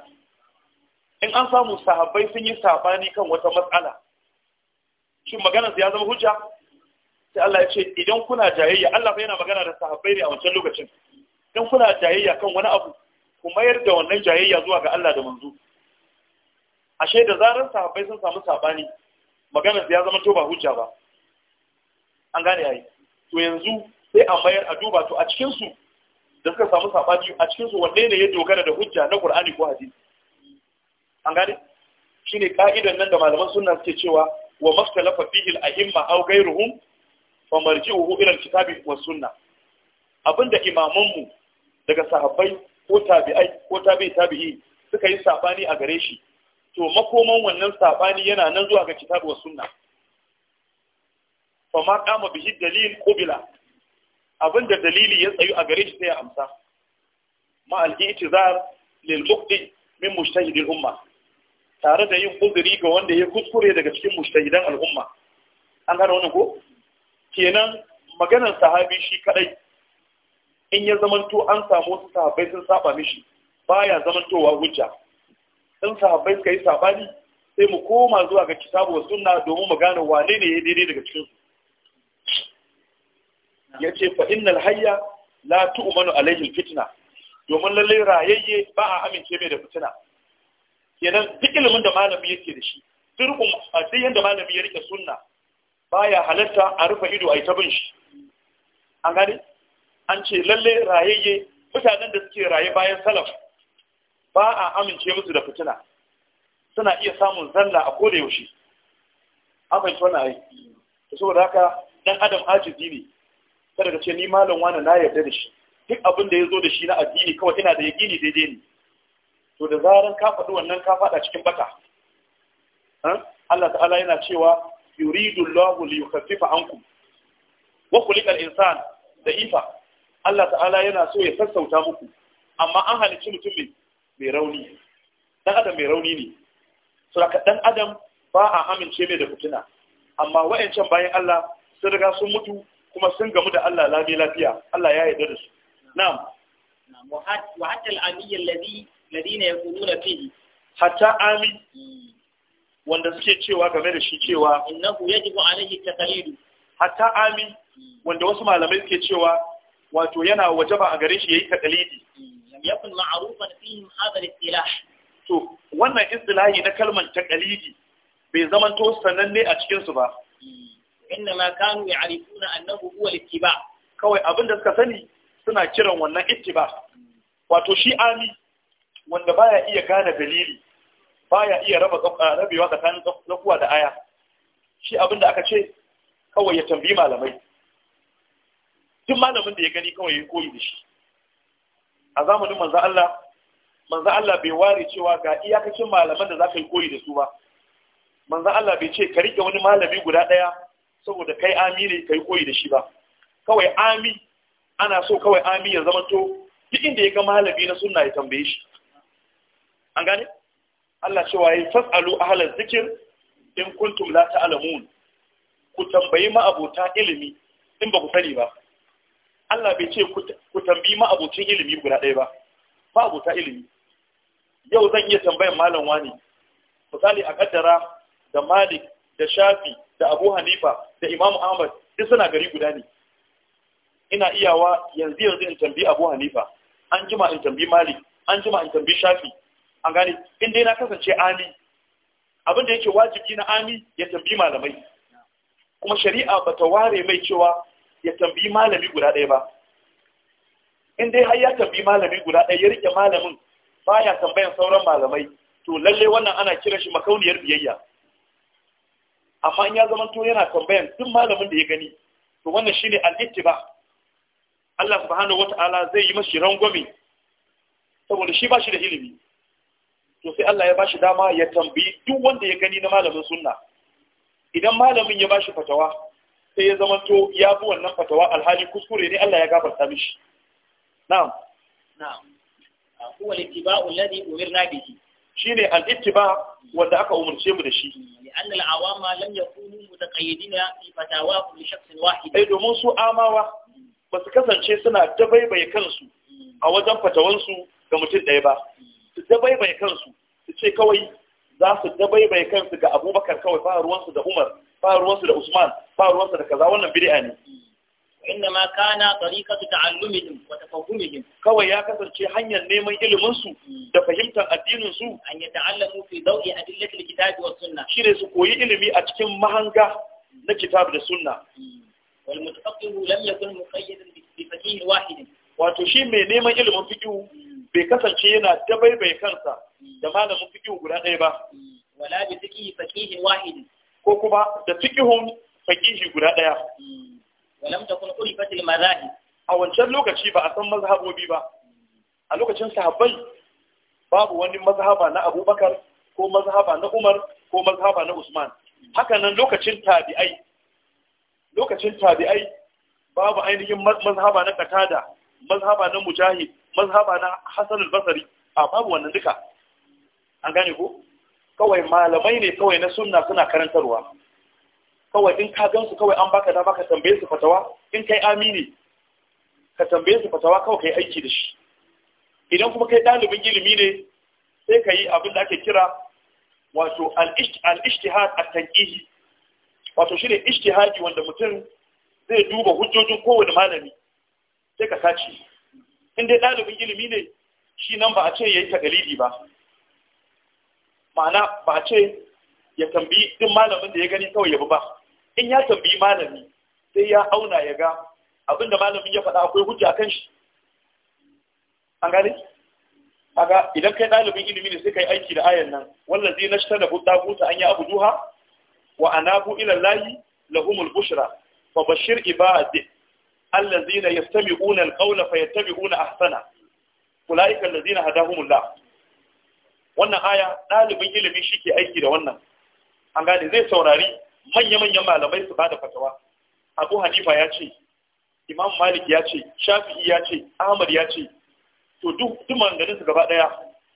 in an samu sahabbai sun yi sabani kan wata matsala shin magana ya zama hujja sai Allah ya ce idan kuna jayayya Allah bai yana magana da sahabbai ne a wancan lokacin dan kuna jayayya kan wani abu ku mayar da wannan jayayya zuwa ga Allah da manzo ashe da zarar sahabbai sun samu sabani maganar ya zama to ba hujja ba an gane yayi to yanzu sai a mayar a duba to a cikin su da suka samu sabani a cikin su wanne ne ya dogara da hujja na Qur'ani ko hadisi an gane shine ka'idan nan da malaman sunna suke cewa wa maskalafa fihi al-a'imma aw ghayruhum fa marji'uhu ila al-kitabi was sunnah abinda imamanmu daga sahabbai ko tabi'ai ko tabi'i tabi'i suka yi sabani a gare shi to makoman wannan sabani yana nan zuwa ga kitabu wa sunna fa ma qama bihi dalil qubila da dalili ya tsayu a gare shi sai ya amsa ma al-i'tizar lil muqti min mujtahid al-umma tare da yin kuzuri ga wanda ya kuskure daga cikin mujtahidan al-umma an gane wannan ko kenan maganar sahabi shi kadai in ya zamanto an samu wasu sahabbai sun saba mishi baya zamantowa hujja in sahabbai suka yi sabani sai mu koma zuwa ga kitabu wa sunna domin mu gane wane ne ya daidai daga cikin ya ce fa innal hayya la tu'manu alaihi fitna domin lalle rayayye ba a amince mai da fitina kenan duk ilimin da malami yake da shi duk um, yanda malami ya rike sunna baya halatta a rufe ido a yi ta bin shi an gane an ce lalle rayayye mutanen da suke raye bayan salaf ba a amince musu da fitina suna iya samun zalla a koda yaushe an fahimci wannan ai to saboda haka dan adam ajizi ne kada ka ce ni malam wani na yarda da shi duk abin da ya zo da shi na addini kawai ina da yaƙini daidai ne to da zaran ka faɗi wannan ka faɗa cikin baka. Allah ta'ala yana cewa yuridu Allahu li yukhaffifa ankum wa khuliqa al-insan da'ifa Allah ta'ala yana so ya sassauta muku amma an halicci mutum mai rauni dan adam mai rauni ne saboda dan adam ba a amince mai da fitina amma wayancan bayan Allah sun riga sun mutu kuma sun gamu da Allah lami lafiya Allah ya yarda da su na'am
wa hatta al-amiyya
alladhi ladina yaquluna fihi hatta amin hmm. wanda suke cewa game da shi cewa innahu yajibu alayhi taqlidu hatta amin hmm. wanda wasu malamai suke cewa wato yana wajaba a gare shi yayi taqlidi lam yakun ma'rufan fihim hadha al-istilah to wannan istilahi na kalmar taqlidi bai to sananne a cikin su ba hmm. inna ma kanu ya'rifuna annahu huwa al-ittiba kawai abin da suka sani suna kiran wannan ittiba wato shi ami wanda baya iya gane dalili baya iya raba rabewa tsakanin tsakuwa da aya shi abin da aka ce kawai ya tambayi malamai duk malamin da ya gani kawai ya koyi da shi a zamanin manzo Allah manzo Allah bai ware cewa ga iyakacin malaman da zaka yi koyi da su ba manzo Allah bai ce ka rike wani malami guda daya saboda kai amiri kai koyi da shi ba kawai ami ana so kawai ami ya zama to duk inda ya ga malami na sunna ya tambaye shi an gane Allah cewa yi fasalu ahlaz zikir in kuntum la ta'lamun ku tambayi ma'abota ilimi in ba ku sani ba Allah bai ce ku tambi ma abocin ilimi guda ɗaya ba ba abota ilimi yau zan iya tambayan malam wani misali a kaddara da Malik da Shafi da Abu Hanifa da Imamu Ahmad duk suna gari guda ne ina iyawa yanzu yanzu in tambayi Abu Hanifa an jima in tambayi Malik an jima in tambayi Shafi an gane in dai na kasance ami abin da yake wajibi na ami ya tambayi malamai kuma shari'a bata ware mai cewa ya tambayi malami guda ɗaya ba in dai har ya tambayi malami guda ɗaya ya rike malamin baya tambayan sauran malamai to lalle wannan ana kiran shi makauniyar biyayya amma in ya zama to yana tambayan duk malamin da ya gani to wannan shine al-ittiba Allah subhanahu wata'ala zai yi mashi rangwame saboda shi ba shi da ilimi to sai Allah ya bashi dama ya tambayi duk wanda ya gani na malamin sunna idan malamin ya ba shi fatawa sai ya zama to ya bi wannan fatawa alhali kuskure ne Allah ya gafarta mishi na'am na'am huwa al-ittiba'u alladhi umirna bihi shine al-ittiba wanda aka umarce mu da shi
li'anna al-awama lam yakunu mutaqayyidina fi fatawa kulli shakhsin wahid
eh domin su amawa ba su kasance suna dabaibaye kansu a wajen fatawansu ga mutum ɗaya ba su dabaibaye kansu su ce kawai za su dabaibai kansu ga abubakar kawai ba ruwansu da umar ba ruwansu da usman ba ruwansu da kaza wannan bid'a ne
innama kana tariqatu ta'allumihim wa tafahumihim kawai ya kasance hanyar neman ilimin su da
fahimtar addinin su an ta'allamu fi dawi adillati alkitabi was sunnah shine su koyi ilimi a cikin mahanga na kitabu da sunna hmm. wal mutafaqqihu lam yakun muqayyidan bi faqihin wahidin wato shi mai neman ilimin fiqhu bai kasance yana dabaibai kansa da malamin fiqh guda ɗaya ba
wala bi fiqh faqih
wahid ko kuma da fiqhun faqih guda ɗaya walam takun urifat al madahib a wancan lokaci ba a san mazhabobi ba a lokacin sahabbai babu wani mazhaba na Abubakar ko mazhaba na Umar ko mazhaba na Usman haka nan lokacin tabi'ai lokacin tabi'ai babu ainihin mazhaba na Qatada mazhaba na mujahid mazhaba na hasan al-basri a babu wannan duka an gane ko kawai malamai ne kawai na sunna suna karantarwa kawai in ka gansu kawai an baka dama ka tambaye su fatawa in kai amini ka tambaye su fatawa kawai kai aiki da shi idan kuma kai ɗalibin ilimi ne sai ka yi abin da ake kira wato al-ijtihad at-tanqihi wato shine ijtihadi wanda mutum zai duba hujjojin kowane malami sai ka sace in dai ɗalibin ilimi ne shi nan ba a ce ya yi tagalidi ba ma'ana ba a ce ya tambayi duk malamin da ya gani kawai ya bi ba in ya tambayi malami sai ya auna ya ga abinda malamin ya faɗa akwai hujja kan shi an gane kaga idan kai ɗalibin ilimi ne sai kai aiki da ayan nan wallazi nashtana buta an ya duha wa anabu ila lahi lahumul bushra fa bashir ibadi allazina yastami'una alqawla fayattabi'una ahsana ulaika allazina hadahumullah wannan aya dalibin ilimi shike aiki da wannan an gane zai saurari manya-manyan malamai su bada fatawa Abu Hanifa ya ce Imam Malik ya ce Shafi'i ya ce Ahmad ya ce to duk duk maganganun su gaba daya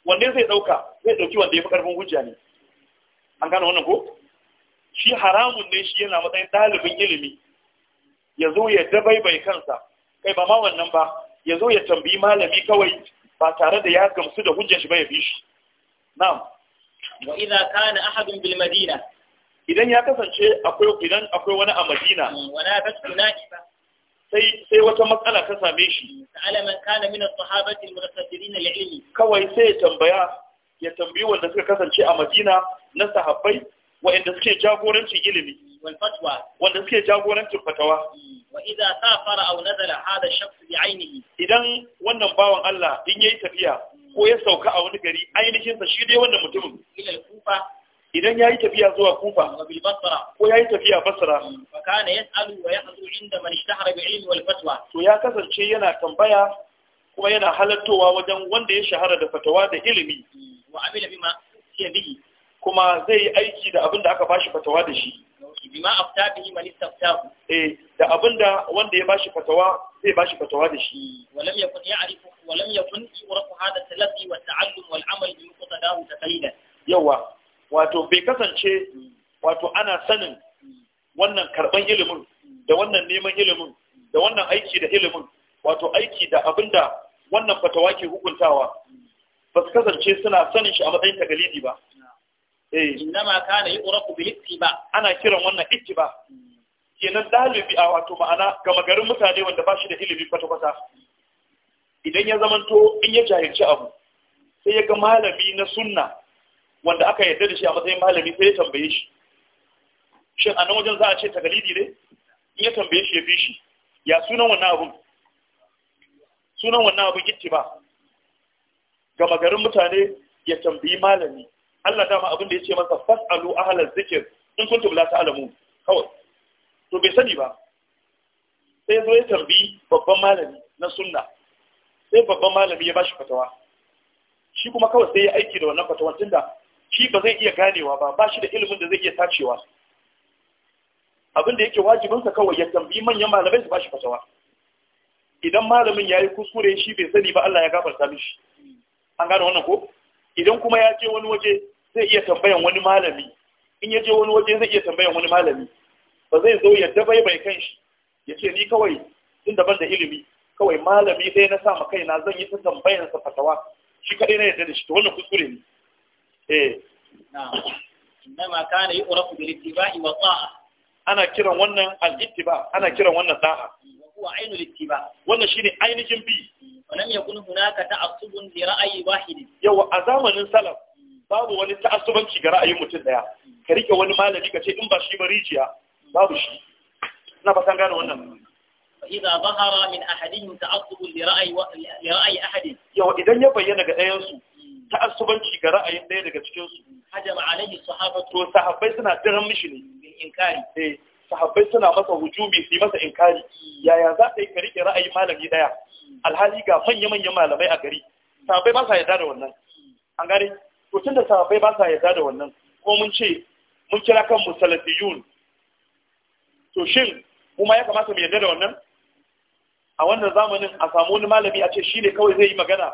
wanda zai dauka zai dauki wanda yafi karfin hujja ne an gane wannan ko shi haramun ne shi yana matsayin dalibin ilimi ya zo ya dabaibai kansa kai ba ma wannan ba ya zo ya tambayi malami kawai ba tare da ya gamsu da hujjar shi ba ya bi shi na'am wa idza kana ahadun bil madina idan ya kasance akwai idan akwai wani a madina mm, wala tasuna ba
sai sai wata matsala ta same shi ta'ala man kana min as-sahabati al-mutasaddirin al-ilmi
kawai sai ya tambaya ya tambayi wanda suka kasance a madina na sahabbai wa'anda suke jagorancin ilimi wal wanda suke jagorancin fatawa wa idza safara aw nazala hada shakhs bi ainihi idan wannan bawan Allah in yayi tafiya ko ya sauka a wani gari ainihin sa shi dai wannan mutumin ila kufa idan yayi tafiya zuwa kufa ko yayi tafiya basra
fa kana yas'alu wa yahdhu inda man ishtahara bi ilmi wal
fatwa to ya kasance yana tambaya kuma yana halattowa wajen wanda ya shahara da fatawa da ilimi wa amila bima kuma zai yi aiki da abin da aka bashi fatawa da shi aiki bima aftabihi man istaftahu eh da abinda wanda ya bashi fatawa zai bashi fatawa da shi
walam yakun ya'rifu walam yakun yurafu hada talafi wa
ta'allum wal amal bi muqtadahu taqlidan yawa wato bai kasance wato ana sanin wannan karban ilimin da wannan neman ilimin da wannan aiki da ilimin wato aiki da abinda wannan fatawa ke hukuntawa ba su kasance suna sanin shi a matsayin tagalidi ba ma kana yuraku bil ittiba ana kiran wannan ittiba kenan dalibi a wato ma'ana gama garin mutane wanda ba shi da ilimi kwata-kwata idan ya zamanto in ya jahilci abu sai ya ga malami na sunna wanda aka yarda da shi a matsayin malami sai ya tambaye shi shin a nan wajen za a ce tagalidi ne in ya tambaye shi ya fi shi ya sunan wannan abun sunan wannan abu gitti ba gama garin mutane ya tambayi malami Allah dama abin da ya ce masa fas'alu ahlal zikr in kuntum la ta'lamu kawai to bai sani ba sai zo ya tarbi babban malami na sunna sai babban malami ya bashi fatawa shi kuma kawai sai ya aiki da wannan fatawa tunda shi ba zai iya ganewa ba ba shi da ilimin da zai iya tacewa abin da yake sa kawai ya tambi manyan malamai su bashi fatawa idan malamin ya yi kuskure shi bai sani ba Allah ya gafarta mishi an gane wannan ko idan kuma ya je wani waje zai iya tambayan wani malami in ya wani waje zai iya tambayan wani malami ba zai zo ya dabai bai kan shi ya ce ni kawai tun daban da ilimi kawai malami sai na sa ma kaina zan yi ta tambayan sa fatawa shi kadai ne da shi to wannan kuskure ne eh na'am inma kana yu'rafu bil ittiba'i wa ta'a ana kiran wannan al-ittiba ana kiran wannan da'a huwa
ainul ittiba wannan shine ainihin bi wannan yakun hunaka ta'assubun li ra'ayi wahid
yawa a zamanin salaf babu wani ta'assubanci ga ra'ayin mutum daya ka rike wani malami ka ce in ba shi ba rijiya babu shi ina san gane wannan
idza zahara min ahadihim ta'assub li ra'yi li ra'ayi ahadi
yau idan ya bayyana ga ɗayan su ta'assubanci ga ra'ayin ɗaya daga cikin su hajama alaihi sahabatu to sahabbai suna tiran mishi ne inkari eh sahabbai suna masa hujumi su masa inkari yaya za ka yi ka rike ra'ayi malami daya alhali ga manya-manyan malamai a gari sahabbai ba sa yarda da wannan an gane to tunda sahabbai ba sa yarda da wannan ko mun ce mun kira kan musalafiyun to shin mu ma ya kamata mu yarda da wannan a wannan zamanin a samu wani malami a ce shi ne kawai zai yi magana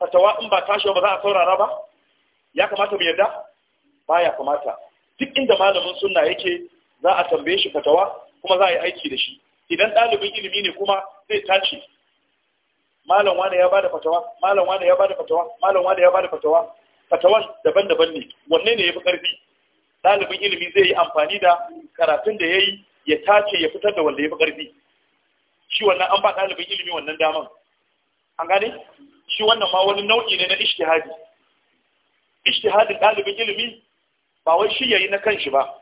fatawa in ba tashi ba za a saurara ba ya kamata mu yarda ba ya kamata duk inda malamin sunna yake za a tambaye shi fatawa kuma za a yi aiki da shi idan ɗalibin ilimi ne kuma zai tace malam wani ya bada fatawa malam wani ya bada fatawa malam wani ya bada fatawa fatawan daban-daban ne wanne ne yafi karfi dalibin ilimi zai yi amfani da karatun da yayi ya tace ya fitar da wanda yafi karfi shi wannan an ba dalibin ilimi wannan daman an gane shi wannan ma wani nau'i ne na ijtihadi ijtihadin dalibin ilimi ba wai shi yayi na kanshi ba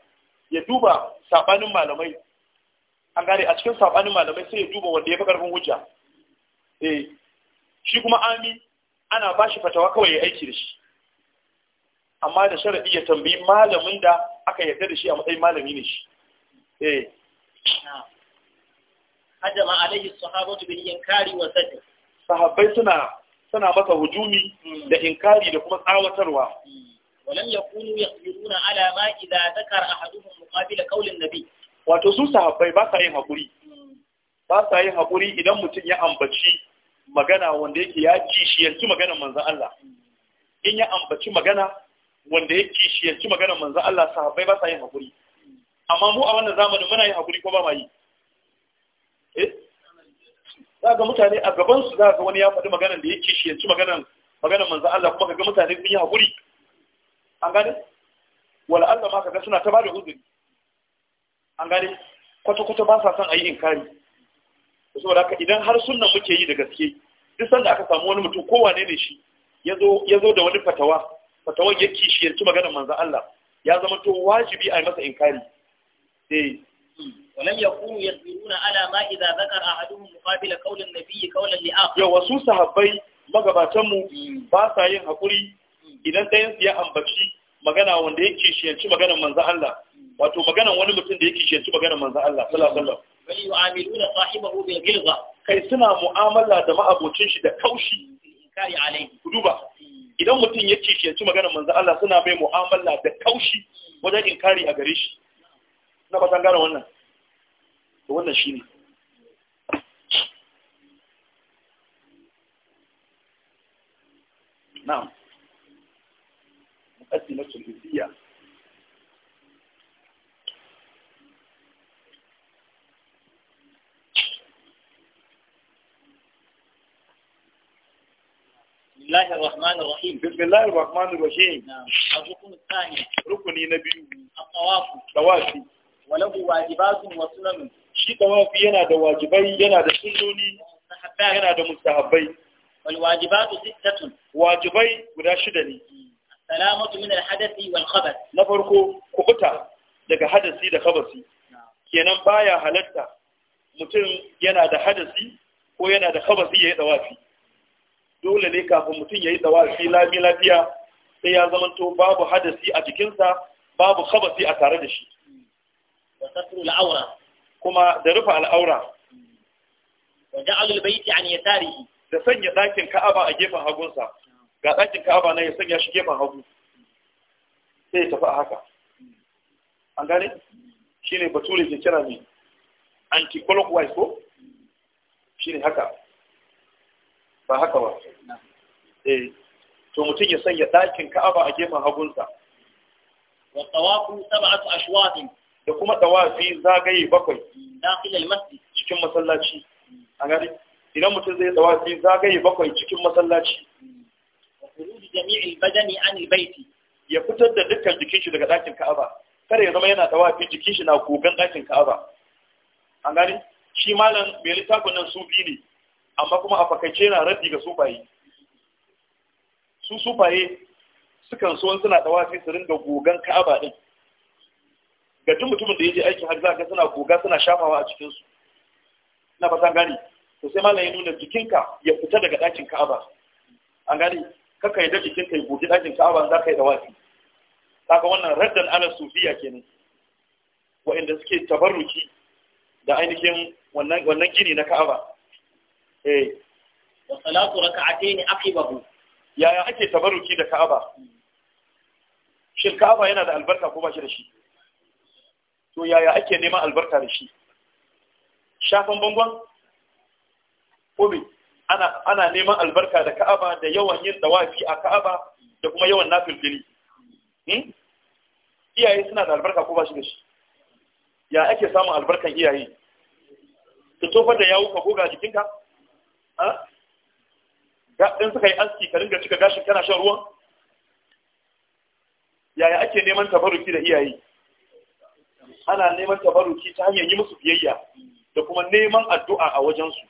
ya duba sabanin malamai an gane a cikin sabanin malamai sai ya duba wanda yafi karfin hujja Eh, shi kuma ami ana ba shi fatawa kawai ya aiki da shi amma da sharaɗi ya tambayi malamin da aka yarda da shi a matsayin malami ne shi eh.
hajjama alaihi sahabatu bil inkari wa
sahabbai suna suna masa hujumi hmm. da inkari da kuma tsawatarwa hmm.
walam yakunu yaqdiruna ala ma idza zakara ahaduhum muqabila
qawlin nabi wato su sahabbai ba sa yin hakuri ba sa yin haƙuri idan mutum ya ambaci magana wanda yake ya kishiyarci magana manzan Allah in ya ambaci magana wanda ya kishiyarci magana manzan Allah sahabbai ba sa yin haƙuri amma mu a wannan zamanin muna yin haƙuri ko ba ma yi eh za ga mutane a gaban su za ga wani ya faɗi magana da ya kishiyarci maganar maganar manzan Allah kuma ka ga mutane sun yi haƙuri an gane wala Allah ma ka ga suna ta bada uzuri an gane kwata-kwata ba sa son a yi inkari saboda haka idan har sunnan muke yi da gaske duk sanda aka samu wani mutum kowane ne shi ya zo da wani fatawa fatawan ya kishiyarci maganar manzo Allah ya zama to wajibi a yi masa inkari eh
ولم يكونوا يصبرون على ما اذا ذكر احدهم مقابل قول النبي قولا لاخر يو wasu
sahabbai magabatan mu hmm. ba sa yin hakuri idan ɗayan su ya ambaci magana wanda yake shiyarci maganar manzo Allah hmm. wato maganar wani mutum da yake shiyarci maganar manzo Allah sallallahu alaihi wasallam
bal yu'amiluna
sahibahu bil gilza kai suna mu'amala da ma'abocin shi da kaushi kai alai ku duba idan mutum ya ce shi ya ci maganar manzo Allah suna mai mu'amala da kaushi wajen inkari a gare shi na ba gane wannan to wannan shine na'am muqaddimatul hizbiyya بسم الله الرحمن الرحيم بسم الله الرحمن الرحيم نعم الركن الثاني ركني نبي الطواف طواف وله واجبات وسنن شي طواف ينا ده واجبين ينا ده سنوني حتى ينا ده مستحبين والواجبات ستة واجبين غدا شدني
السلامة من الحدث والخبث
نفرقو كوكتا دغ حدثي ده خبثي كينان بايا حلتا متم ينا ده حدثي وينا ده خبثي يا طوافي dole ne kafin mutum ya yi dawafi lami lafiya sai ya to babu hadasi a jikinsa babu khabasi a tare da shi kuma da rufe al'aura وجعل البيت عن tarihi. da sanya ɗakin ka'aba a gefen hagunsa ga ɗakin ka'aba na ya sanya shi gefen hagu sai ya tafi a haka an gane shi ne bature ke kira ne anti-clockwise ko shi ne haka ba haka ba eh to mutum ya sanya ɗakin ka'aba a gefen hagunsa wa tawafu sab'atu ashwadin da kuma tawafi zagaye bakwai dakhil al-masjid cikin masallaci a gari idan mutum zai tawafi zagaye bakwai cikin masallaci khuruj jami'il badani an al ya fitar da dukkan jikin shi daga ɗakin ka'aba kada ya zama yana tawafi jikin shi na kogan ɗakin ka'aba a gari shi malam mai littafin nan su biyu ne amma kuma a fakaice na raddi ga sufaye su sufaye sukan so suna tawafi su ringa gogan ka'aba din ga duk mutumin da ya je aikin hajji zaka suna goga suna shafawa a cikin su na fatan gani to sai malam ya nuna jikinka ya fita daga dakin ka'aba an gani kaka yadda jikinka ya goge dakin ka'aba za ka yi tawafi Saka wannan raddan ala sufiya kenan wa'anda suke tabarruki da ainihin wannan gini na ka'aba eh
wa salatu raka'atayn
aqibahu yaya ake tabarruki da Ka'aba shin Ka'aba yana da albarka ko ba shi da shi to yaya ake neman albarka da shi shafan bangon kome ana ana neman albarka da Ka'aba da yawan yin dawafi a Ka'aba da kuma yawan nafilfili hmm? iyaye suna da albarka ko ba shi da shi ya ake samun albarkan iyaye ta tofar da yawo ka goga jikinka ɗin suka yi aski ka ringa cika gashin kana shan ruwan yaya ake neman tabaruki da iyaye ana neman tabaruki ta hanyar yi musu biyayya da kuma neman addu'a a wajensu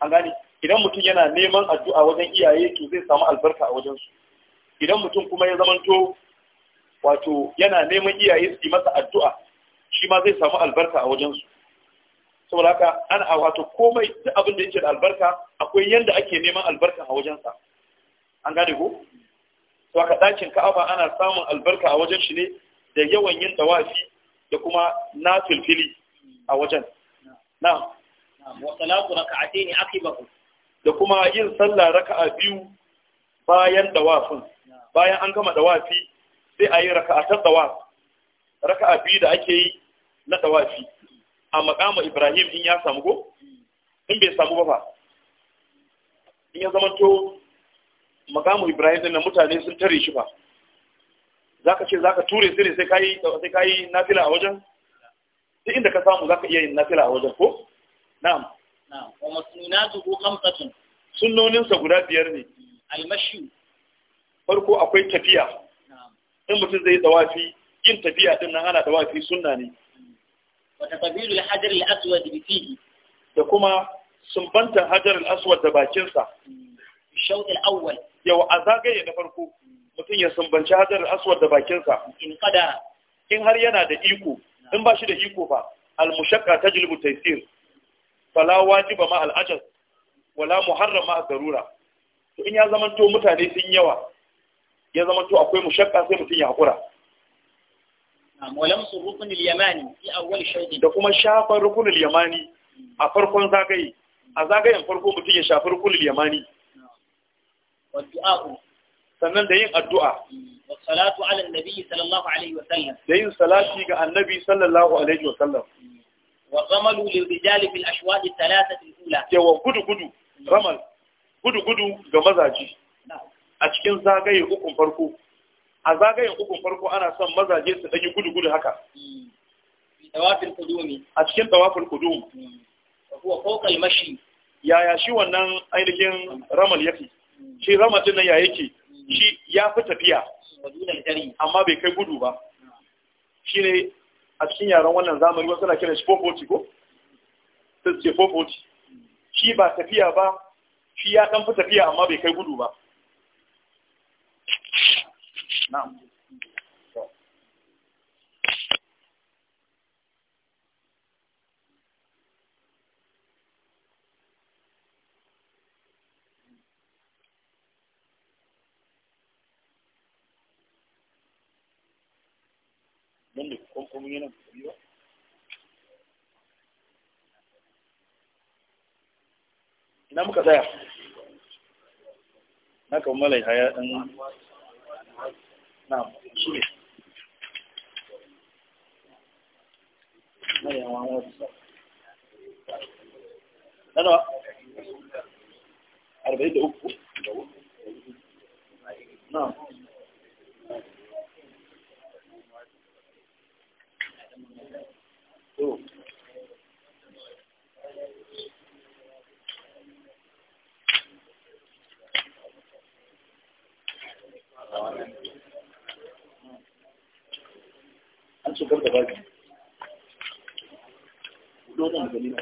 an gani idan mutum yana neman addu'a wajen iyaye to zai samu albarka a wajensu idan mutum kuma ya zamanto wato yana neman iyaye su yi masa addu'a shi ma zai samu albarka a wajensu saboda haka an a wato komai duk abin da yake da albarka akwai yanda ake neman albarka a wajensa an gane ko to haka dakin ka'aba ana samun albarka a wajen shi ne da yawan yin tawafi da kuma na filfili a wajen na'am wa salatu raka'atayn aqibahu da kuma yin sallah raka'a biyu bayan dawafin bayan an gama dawafi sai a yi raka'atan dawaf raka'a biyu da ake yi na dawafi a makama ibrahim in ya samu ko in bai samu ba fa in ya zama to makamu ibrahim din na mutane sun tare shi fa ka ce za ka ture su ne sai ka yi nafila a wajen Sai inda ka samu za ka iya yin nafila a wajen ko na'am na'am wa masunatuhu khamsatun sunnonin sa guda biyar ne almashi farko akwai tafiya in mutum zai dawafi yin tafiya din nan ana dawafi sunna ne
wata tabilu al-hajar al-aswad bi fihi
da kuma sumbantar hajar al-aswad da bakinsa. sa shawt al yau a zagaye na farko mutum ya sumbanci hajar al-aswad da bakinsa. in qadara in har yana da iko in ba shi da iko ba al-mushaqqa tajlibu taysir fala wajiba ma al-ajaz wala muharram ma darura to in ya zamanto mutane sun yawa ya zamanto akwai mushakka, sai mutum ya haƙura.
ولمس الركن اليماني في أول شوط
da kuma shafar yamani a farkon zagaye a zagayen farko yamani والدعاء sannan da yin addu'a
wa sallam.
da yin salati ga annabi sallallahu alaihi wasallam
والرمل للرجال في الأشواط الثلاثة الأولى
wa gudu gudu ramal gudu gudu ga mazaji a cikin zagaye ukun farko a zagayen ukun farko ana son mazaje su ɗanyi gudu-gudu haka mm. a cikin tawafin kudum kuwa mm. kokal mashi yaya shi wannan ainihin ramal yake mm. shi ramal din nan ya yake shi ya fi tafiya amma bai kai gudu ba shi ne a cikin yaran wannan zamani wasu na kiran shi 440 ko? sai ce 440 shi ba tafiya ba shi ya ɗan fi tafiya amma bai kai gudu ba na'am ¿Dónde? ¿Cómo, cómo viene Ina muka tsaya? Na kammala ya ɗan na'am shi
Thank you. shigar da baki dole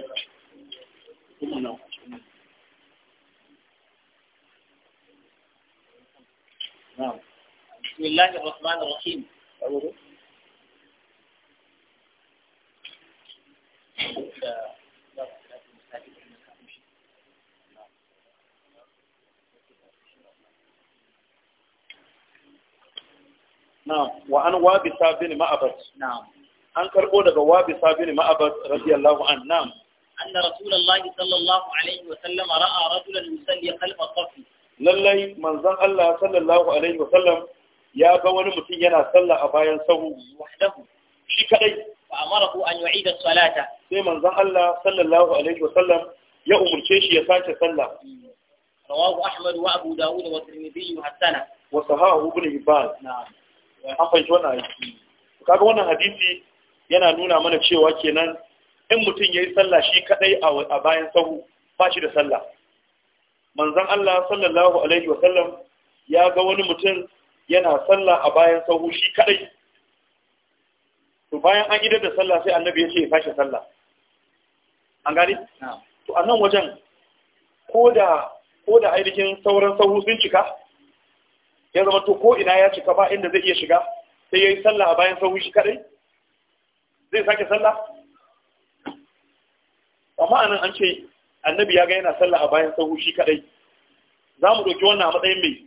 kuma
wa an wabisa bin ma'abad an karɓo daga wabisa bin ma'abad radiyallahu an na'am
anna rasulullahi sallallahu alaihi wa sallam ra'a rajulan yusalli khalfa safi
lallai manzon Allah sallallahu alaihi wa sallam ya ga wani mutum yana sallah a bayan sahu wahdahu
shi kadai fa amarahu an yu'ida salata
sai manzon Allah sallallahu alaihi wa sallam ya umurce shi ya sace sallah
rawahu ahmad wa abu dawud wa
tirmidhi an fahimci wannan aiki kaga wannan hadisi yana nuna mana cewa kenan in mutum ya yi sallah shi kadai a bayan sahu ba shi da sallah manzan Allah sallallahu alaihi wasallam sallam ya ga wani mutum yana sallah a bayan sahu shi kadai to bayan an idar da sallah sai annabi ya ce ya tashi sallah an gani to a nan wajen ko da ainihin sauran sahu sun cika ya zama to ko ina ya cika ba inda zai iya shiga sai yayi sallah a bayan sahu shi kadai zai sake sallah amma anan an ce annabi ya ga yana sallah a bayan sahu shi kadai za mu ɗauki wannan a matsayin mai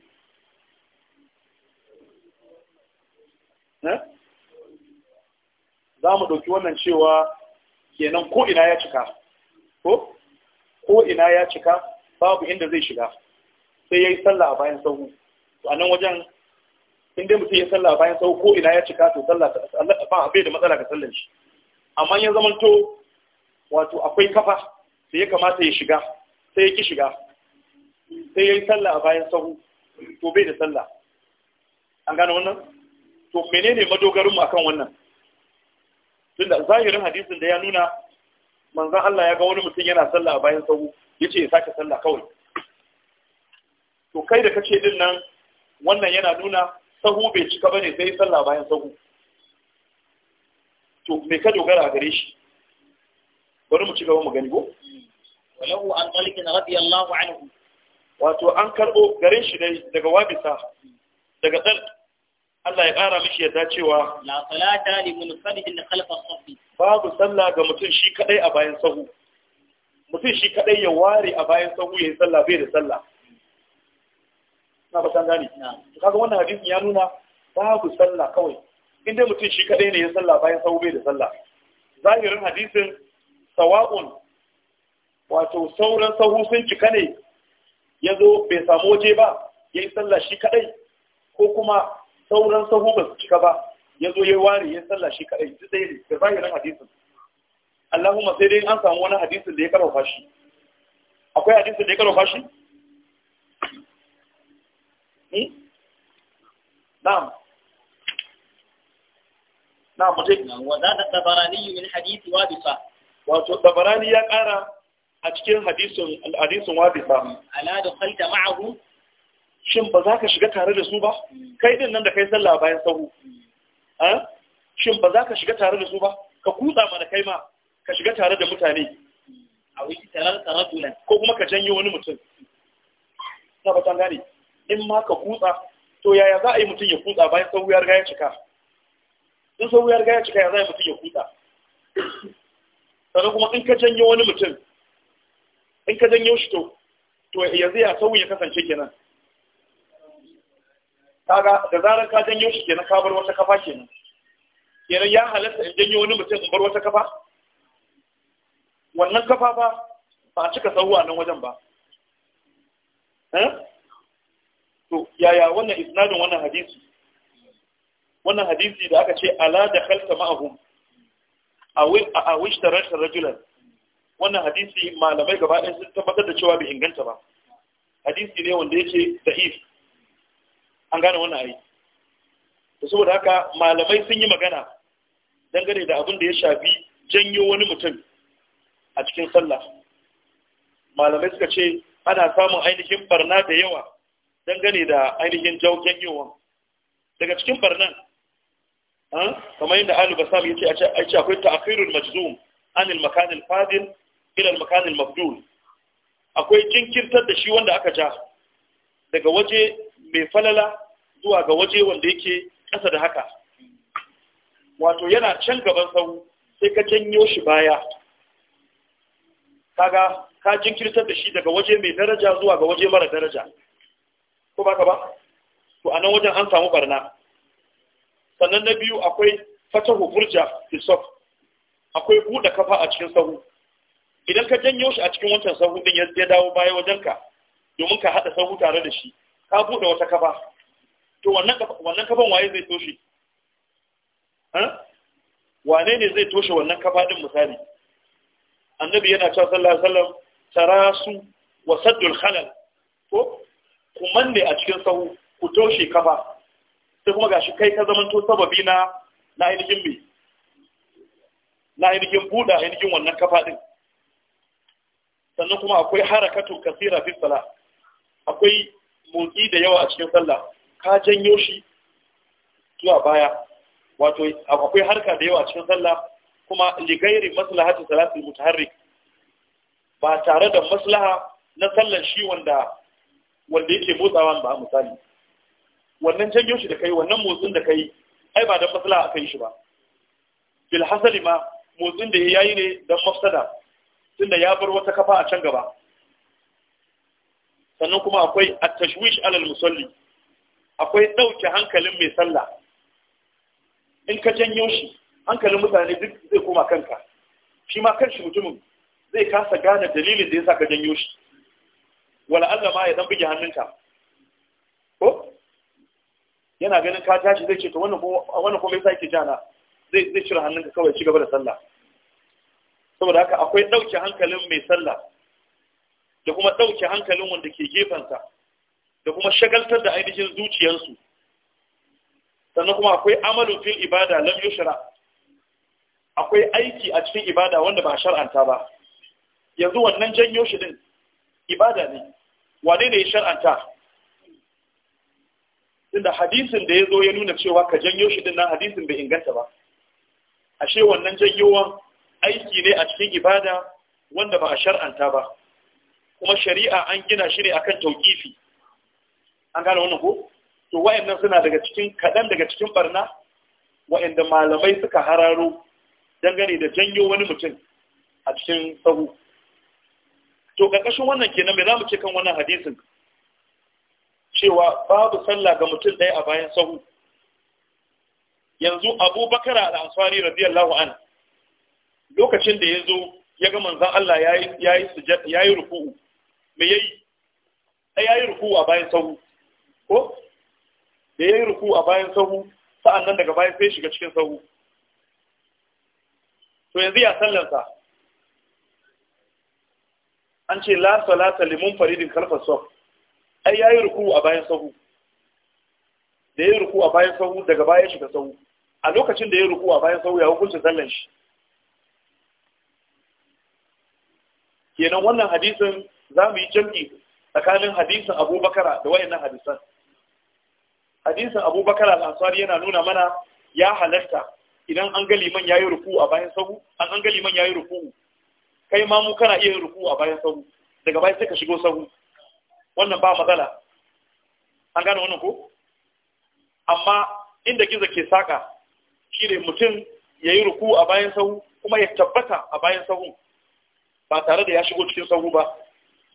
za mu ɗauki wannan cewa kenan ko ina ya cika ko ina ya cika babu inda zai shiga sai ya yi sallah a bayan sahu to a nan wajen in dai mutum ya sallah bayan sau ko ina ya cika to sallah ba bai da matsala ga sallan shi amma ya to wato akwai kafa sai ya kamata ya shiga sai ya ki shiga sai ya yi sallah bayan sahu to bai da sallah an gane wannan to menene madogarinmu akan wannan tunda zahirin hadisin da ya nuna manzon Allah ya ga wani mutum yana sallah bayan sahu yace ya sake sallah kawai to kai da kace din nan wannan yana nuna sahu bai cika bane sai sallah bayan sahu to me ka dogara gare shi bari mu ci gaba mu gani ko
walahu an malik radiyallahu anhu
wato an karbo gare shi dai daga wabisa daga dal Allah ya kara mishi yadda cewa
la salata li munfaridin khalfa safi
babu sallah ga mutum shi kadai a bayan sahu mutum shi kadai ya ware a bayan sahu yayin sallah bai da sallah na ba san gane to kaga wannan hadisin ya nuna babu sallah kawai in dai mutum shi kadai ne ya sallah bayan sau bai da sallah zahirin hadisin sawa'un wato sauran sahu sun cika ne ya zo bai samu waje ba ya yi sallah shi kadai ko kuma sauran sahu ba su cika ba ya zo ya ware ya sallah shi kadai duk dai ne da zahirin hadisin Allahumma sai dai an samu wani hadisin da ya karfafa shi akwai hadisin da ya karfafa shi eh na'am na'am mutum wa zada tabarani min hadisi wadifa wato tabarani ya kara a cikin hadisin hadisin wadifa ala da khalta ma'ahu shin ba za ka shiga tare da su ba hmm. kai din nan da kai sallah bayan sahu hmm. eh? shin ba za ka shiga tare da su ba ka kutsa mana kai ma ka shiga tare da mutane a wiki tarar tarar ko kuma ka janyo wani mutum na ba gane in ma ka kutsa to yaya za a yi mutum ya kutsa bayan sau ya ya cika in sau ya ya cika ya za a yi mutum ya kutsa sannan kuma in ka janyo wani mutum in ka janyo shi to to zai ya sau ya kasance kenan kaga da zarar ka janyo shi kenan ka bar wata kafa kenan kenan ya halatta in janyo wani mutum in bar wata kafa wannan kafa ba ba a cika sauwa nan wajen ba eh to yaya wannan isnadin wannan hadisi wannan hadisi da aka ce ala da khalta ma'ahum a da rajulan wannan hadisi malamai gaba ɗaya sun tabbatar da cewa bai inganta ba hadisi ne wanda yake da'if an gane wannan ayi da saboda haka malamai sun yi magana dangane da abin da ya shafi janyo wani mutum a cikin sallah malamai suka ce ana samun ainihin barna da yawa dangane da ainihin jauken yiwuwa daga cikin barnan kamar yadda alu basam ya ce a ce akwai ta'akhirul majzum anil makanil fadil ila makanin mafdul akwai jinkirtar da shi wanda aka ja daga waje mai falala zuwa ga waje wanda yake kasa da haka wato yana can gaban sau sai ka janyo shi baya kaga ka jinkirtar da shi daga waje mai daraja zuwa ga waje mara daraja ko ba ka ba to a nan wajen an samu barna sannan na biyu akwai fatahu burja isaf akwai buɗe kafa a cikin sahu idan ka janyo shi a cikin wancan sahu din ya dawo baya wajen ka domin ka haɗa sahu tare da shi ka buɗe wata kafa to wannan kafan waye zai toshe wane ne zai toshe wannan kafa din misali annabi yana cewa sallallahu alaihi wasallam tarasu wa saddul khalal ko ku manne a cikin sahu ku toshe kafa sai kuma gashi kai ka zamanto sababi na na ainihin me na ainihin buɗe ainihin wannan kafa ɗin sannan kuma akwai harakatun kasira fi sala akwai motsi da yawa a cikin sallah ka janyo shi zuwa baya wato akwai harka da yawa a cikin sallah kuma ligairi maslahatu salati mutaharrik ba tare da maslaha na sallan shi wanda wanda yake motsawa ba misali wannan janyo shi da kai wannan motsin da kai ai ba da fasala a kai shi ba bil hasali ma motsin da yayi ne da mafsada tunda ya bar wata kafa a can gaba sannan kuma akwai at-tashwish alal musalli akwai dauke hankalin mai sallah in ka janyo shi hankalin mutane duk zai koma kanka shi ma kanshi mutumin zai kasa gane dalilin da yasa ka janyo shi wala Allah ma ya dan buge hannunka ko yana ganin ka tashi zai ce to wannan wannan kuma yasa yake jana zai zai cire hannunka kawai ci gaba da sallah saboda haka akwai dauke hankalin mai sallah da kuma dauke hankalin wanda ke gefansa da kuma shagaltar da ainihin zuciyarsu sannan kuma akwai amalu fil ibada lam yushra akwai aiki a cikin ibada wanda ba shar'anta ba yanzu wannan janyo shi din ibada ne wane ne ya shar'anta tunda hadisin da ya zo ya nuna cewa ka janyo shi din nan hadisin bai inganta ba ashe wannan janyowan aiki ne a cikin ibada wanda ba a shar'anta ba kuma shari'a an gina shi ne akan tauƙifi an gane wannan ko to wayannan suna daga cikin kaɗan daga cikin barna wayanda malamai suka hararo dangane da janyo wani mutum a cikin sahu to ƙarƙashin wannan kenan mai za mu ce kan wannan hadisin cewa babu sallah ga mutum ɗaya a bayan sahu yanzu abubakar ansari radiyallahu an lokacin da ya zo ya ga manzan Allah ya yi ruku'u mai yayi ya yi ruku'u a bayan sahu ko da ya yi ruku'u a bayan sahu sa'an nan daga bayan sai shiga cikin sahu to yanzu ya sallansa an ce la salata limun faridin kalfa saf ai yayi ruku a bayan sahu da yayi ruku a bayan sahu daga bayan shi da sahu a lokacin da yayi ruku a bayan sahu ya hukunta sallan shi kenan wannan hadisin za mu yi jam'i tsakanin hadisin abubakar da wayannan hadisan hadisin abubakar al-ansari yana nuna mana ya halatta idan an ga liman yayi ruku a bayan sahu an an ga liman yayi ruku kai ma mu kana iya ruku a bayan sahu daga bayan sai ka shigo sahu wannan ba matsala an gane wannan ko amma inda gizo ke saka shi ne mutum ya yi ruku a bayan sahu kuma ya tabbata a bayan sahu ba tare da ya shigo cikin sahu ba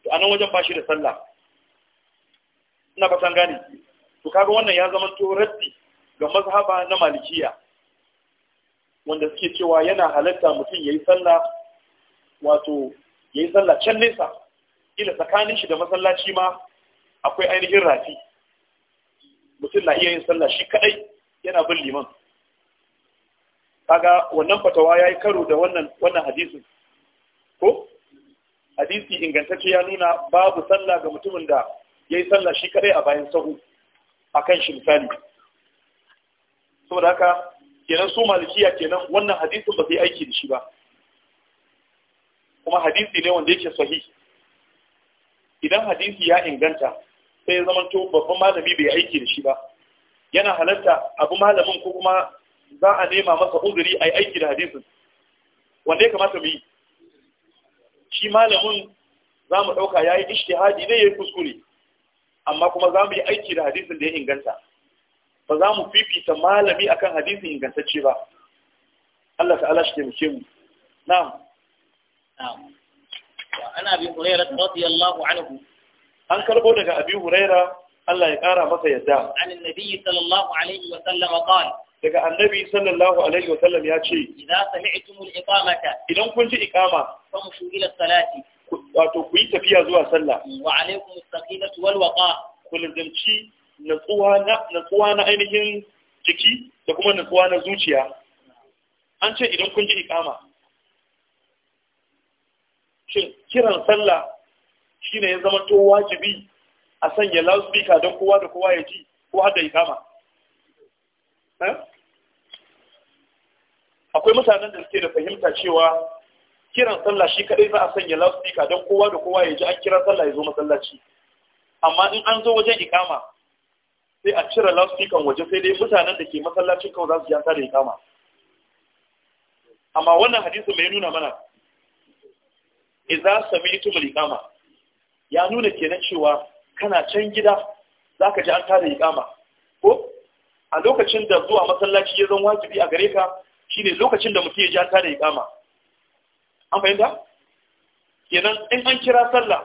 to anan wajen ba shi da sallah ina ba san gane to kaga wannan ya zama to raddi ga mazhaba na malikiya wanda suke cewa yana halatta mutum ya yi sallah wato ya yi sallah can nesa ila tsakanin shi da masallaci ma akwai ainihin rafi mutum na iya yin sallah shi kadai yana bin liman kaga wannan fatawa ya yi karo da wannan wannan hadisin ko hadisi ingantacce ya nuna babu sallah ga mutumin da ya yi sallah shi kadai a bayan sahu a kan shi misali saboda haka kenan su malikiya kenan wannan hadisin ba zai aiki da shi ba kuma hadisi ne wanda yake sahih idan hadisi ya inganta sai ya zama to babban malami bai aiki da shi ba yana halarta abu malamin ko kuma za a nema masa uzuri a aiki da hadisin wanda ya kamata mu yi shi malamin za mu ɗauka ya yi ishtihadi ne ya yi kuskure amma kuma za mu yi aiki da hadisin da ya inganta ba za mu fifita malami akan hadisin ingantacce ba Allah ta'ala shi ke mu na'am na'am wa ana bi hurairah radiyallahu anhu an karbo daga abi huraira Allah ya kara masa yadda an annabi sallallahu alaihi wa sallam qala daga annabi sallallahu alaihi wa sallam ya ce idza sami'tum al-iqamata idan kun ji iqama salati wato ku yi tafiya zuwa sallah wa alaikum as-saqilatu wal waqa ku natsuwa na natsuwa na ainihin jiki da kuma natsuwa na zuciya an ce idan kun ji iqama shin kiran sallah shine ya zama to wajibi a sanya loudspeaker don kowa da kowa ya ji ko har da ikama eh? akwai mutanen da suke da fahimta cewa kiran sallah shi kadai za a sanya loudspeaker don kowa da kowa ya ji an kira sallah ya zo masallaci amma in an zo wajen ikama sai a cire loudspeaker waje sai dai mutanen da ke masallacin kawai za su janta da ikama amma wannan hadisin mai nuna mana iza sami'tum al-iqama ya nuna kenan cewa kana can gida zaka ji an tada iqama ko a lokacin da zuwa masallaci ya zan wajibi a gare ka shine lokacin da mutum ya ji an tada iqama an fahimta kenan in an kira sallah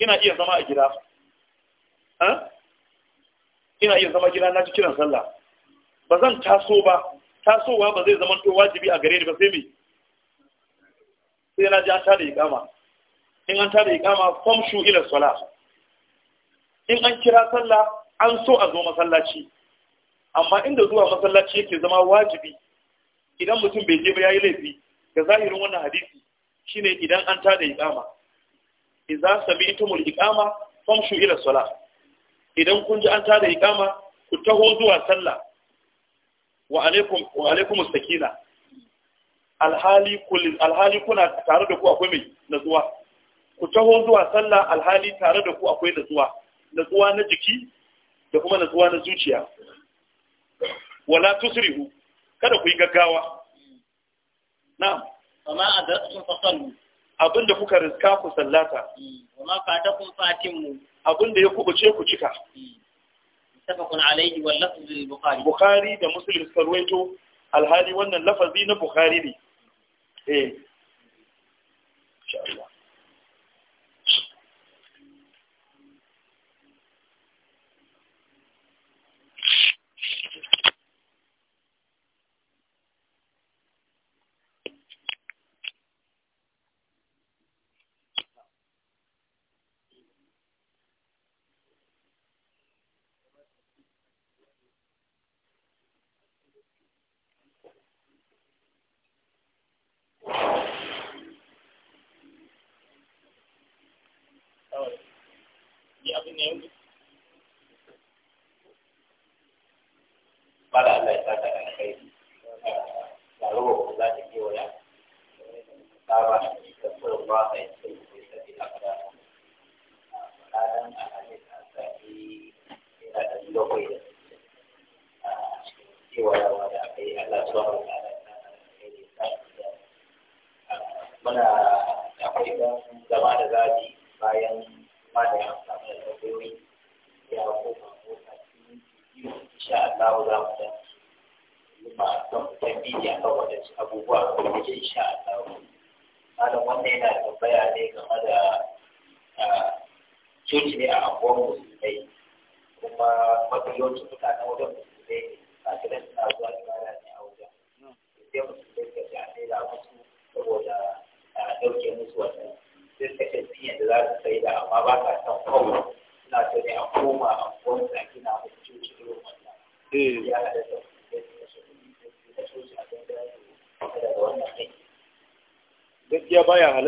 ina iya zama a gida ina iya zama gida na ji kiran sallah ba zan taso ba tasowa ba zai zama to wajibi a gare ni ba sai me sai na ji an tada iqama in an tada iqama famshu ila sala in an kira sallah an so a zo masallaci amma inda zuwa masallaci yake zama wajibi idan mutum bai je ba yayi laifi da zahirin wannan hadisi shine idan an tada iqama idza sami'tumul iqama famshu ila sala idan kun ji an tada iqama ku taho zuwa sallah wa alaikum wa alaikumus sakina alhali kuna tare da ku akwai mai natsuwa ku taho zuwa sallah alhali tare da ku akwai natsuwa natsuwa na jiki da kuma natsuwa na zuciya wala tusrihu kada ku yi gaggawa na'am amma adatun fasallu abinda kuka riska ku sallata hmm. amma fatakum fatimu abinda ya kubuce ku cika hmm. tafakun alayhi wal al bukhari bukhari da muslim sarwaito alhali wannan lafazi na bukhari ne eh news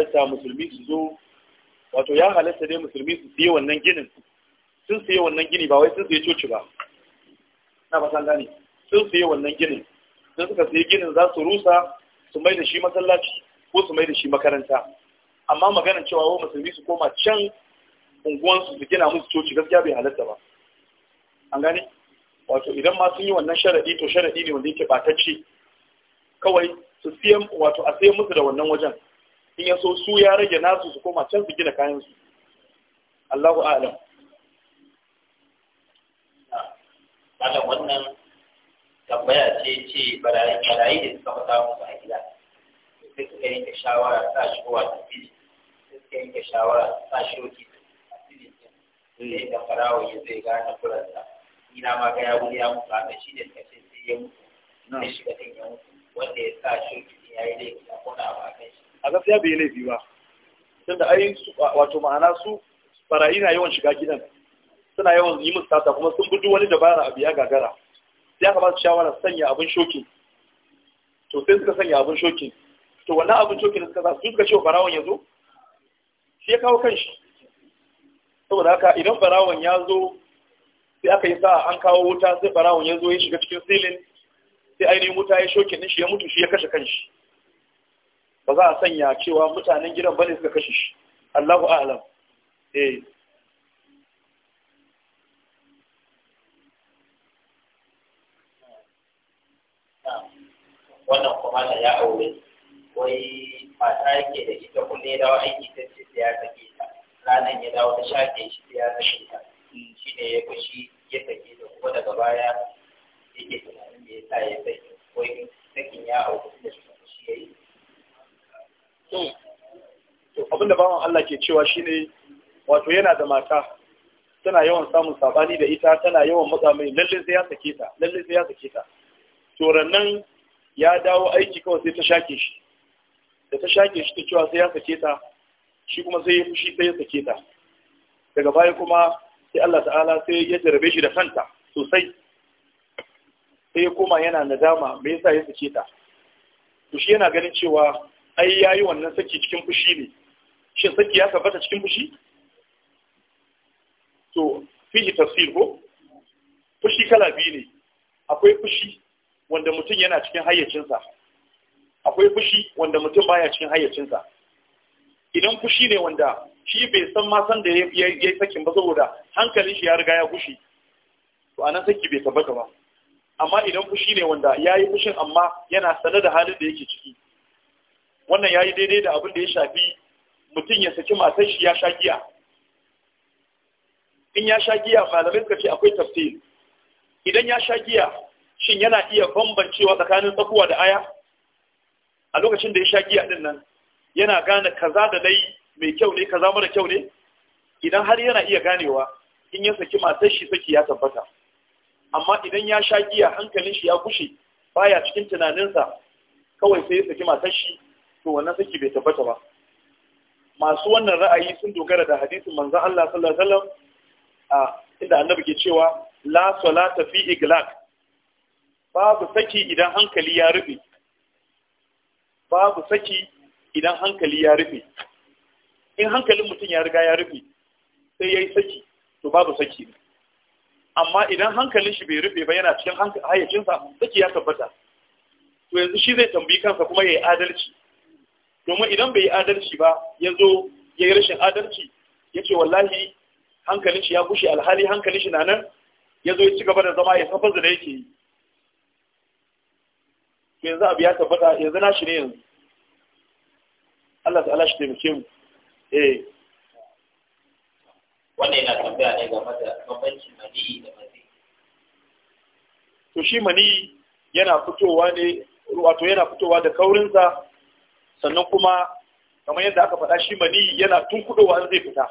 halatta musulmi su zo wato ya halatta dai musulmi su siye wannan ginin sun siye wannan gini ba wai sun siye coci ba na fasan gane sun siye wannan ginin sun suka siye ginin za su rusa su mai da shi masallaci ko su mai da shi makaranta amma maganar cewa wa musulmi su koma can unguwansu su gina musu coci gaskiya bai halatta ba an gane wato idan ma sun yi wannan sharaɗi to sharaɗi ne wanda yake batacce kawai su siyan wato a siyan musu da wannan wajen in ya so su ya rage nasu su koma can su gina kayan su Allahu a'lam Malam wannan tambaya ce ce
barayi barayi da suka fata musu a gida sai suka yanke shawara sa shi a tafi sai suka yanke shawara sa shi a tafi sai da farawa ya zai gane kuransa ina ma ga ya wuri ya mutu haka shi ne suka ce sai ya mutu sai shiga kan ya mutu wanda ya sa shi ya yi laifi na kuna ba kai shi
a gaskiya bai laifi ba tunda ai wato ma'ana su barayi na yawan shiga gidan suna yawan yi musu tata kuma sun bi wani dabara a biya gagara sai aka ba su shawara sanya abin shokin to sai suka sanya abin shokin to wannan abin shokin suka sa su suka ce barawon ya zo sai ya kawo kanshi saboda haka idan barawon ya zo sai aka yi sa an kawo wuta sai barawon ya zo ya shiga cikin silin sai ainihin wuta ya shokin din shi ya mutu shi ya kashe kanshi ba za a sanya cewa mutanen gidan bane suka kashe shi Allahu a'lam eh
wannan kuma da ya aure wai mata yake da ita kullum ya dawo aiki ta ce sai ya sake ta ranan ya dawo ta shafe shi sai ya sake ta hmm, shi ne ya fushi ya sake ta kuma daga baya yake tunanin da ya sa ya sake wai sakin ya
aure da shi ya yi to abinda bawan Allah ke cewa shine wato yana da mata tana yawan samun sabani da ita tana yawan matsa mai lalle sai ya sake ta lalle sai ya sake ta to rannan ya dawo aiki kawai sai ta shake shi da ta shake shi ta cewa sai ya sake ta shi kuma sai ya fushi sai ya sake ta daga baya kuma sai Allah ta'ala sai ya jarabe shi da kanta sosai sai ya koma yana nadama me yasa ya sake ta to shi yana ganin cewa ai yayi wannan saki cikin fushi ne shin saki ya tabbata cikin fushi to fihi tafsir ko fushi kala biyu ne akwai fushi wanda mutum yana cikin hayyacinsa akwai fushi wanda mutum baya cikin hayyacinsa idan fushi ne wanda shi bai san ma san da ya yi sakin ba saboda hankalin shi ya riga ya fushi to anan saki bai tabbata ba amma idan fushi ne wanda ya yi fushin amma yana sane da halin da yake ciki wannan ya yi daidai da abin da ya shafi mutum ya saki matar shi ya sha giya in ya sha giya malamai suka ce akwai tafsir idan ya sha giya shin yana iya bambancewa tsakanin tsakuwa da aya a lokacin da ya sha giya din nan yana gane kaza da dai mai kyau ne kaza mara kyau ne idan har yana iya ganewa in ya saki matar shi saki ya tabbata amma idan ya sha giya hankalin shi ya gushe baya cikin tunaninsa kawai sai ya saki matar shi to wannan saki bai tabbata ba masu wannan ra'ayi sun dogara da hadisin manzon Allah sallallahu alaihi wasallam a inda annabi ke cewa la salata fi iglaq babu saki idan hankali ya rufe babu saki idan hankali ya rufe in hankalin mutum ya riga ya rufe sai ya yi saki to babu saki amma idan hankalin shi bai rufe ba yana cikin hayyacinsa saki ya tabbata to yanzu shi zai tambayi kansa kuma ya yi adalci domin idan bai yi adalci ba ya zo ya yi rashin adalci ya ce wallahi hankalin shi ya bushe alhali hankalin shi na nan ya zo ya ci gaba da zama ya san da yake yi yanzu abu ya tabbata yanzu na shi ne yanzu Allah ta'ala shi taimake mu eh wannan yana tambaya ne game da bambancin maniyi da mazi to shi mani yana fitowa ne wato yana fitowa da kaurinsa sannan kuma kamar yadda aka faɗa shi mani yana kuɗowa in zai fita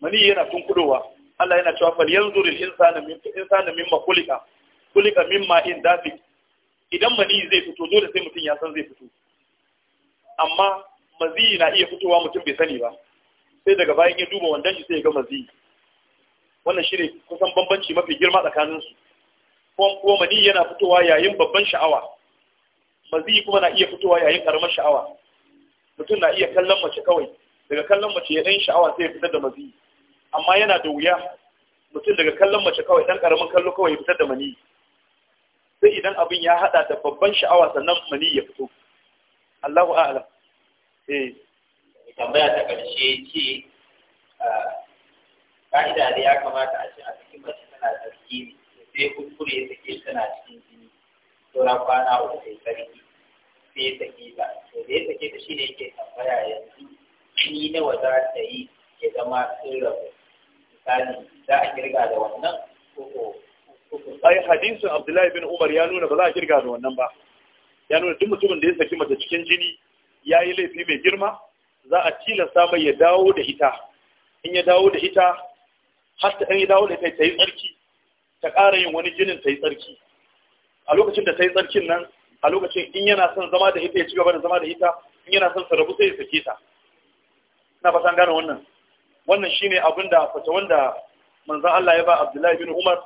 mani yana kuɗowa. Allah yana cewa fal yanzur al insana min insana mimma khuliqa khuliqa mimma in dafi idan mani zai fito dole sai mutum ya san zai fito amma mazi na iya fitowa mutum bai sani ba sai daga bayan ya duba wandan shi sai ya ga mazi wannan shi ne kusan bambanci mafi girma tsakanin su kuma mani yana fitowa yayin babban sha'awa maziyi kuma na iya fitowa yayin karamar sha'awa mutum na iya kallon mace kawai daga kallon mace ya ɗan sha'awa sai ya fitar da mazihi. amma yana da wuya mutum daga kallon mace kawai ɗan ƙaramin kallo kawai ya fitar da maniyi sai idan abin ya haɗa da babban sha'awa sannan maniyi ya fito Allahu a'lam eh
tambaya ta ƙarshe ce ka'ida da ya kamata a ce a cikin mace tana tsarki ne sai kuskure take tana cikin jini saura kwana wa sai sarki sai ya sake ba to da ya sake ta shi ne yake tambaya yanzu ni nawa za ta yi ya zama sun rabu misali za a kirga da wannan
ko ai hadisin abdullahi bin umar ya nuna ba za a kirga da wannan ba ya nuna duk mutumin da ya saki mace cikin jini ya yi laifi mai girma za a tilasta mai ya dawo da ita in ya dawo da ita har ta ɗan ya dawo da ita ta yi tsarki ta ƙara yin wani jinin ta yi tsarki a lokacin da ta yi tsarkin nan a lokacin in yana son zama da ita ya ci gaba da zama da ita in yana son sarabu sai ya sake ta na fasan gane wannan wannan shine abin da fata wanda manzon Allah ya ba Abdullahi bin Umar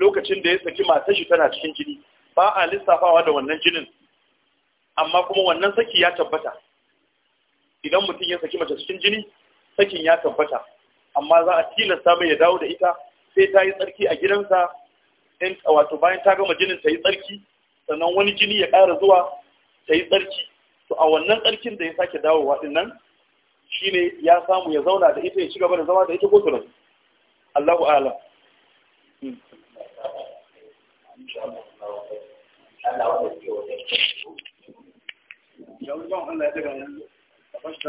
lokacin da ya saki matar shi tana cikin jini ba a lissafawa da wannan jinin amma kuma wannan saki ya tabbata idan mutum ya saki mace cikin jini sakin ya tabbata amma za a tilasta mai ya dawo da ita sai ta yi tsarki a gidansa in wato bayan ta gama jinin ta yi tsarki sannan wani jini ya ƙara zuwa ta yi tsarki to a wannan tsarkin da ya sake dawowa din nan shine ya samu ya zauna da ita ya ci gaba da zama da ita ko tunan Allahu
a'lam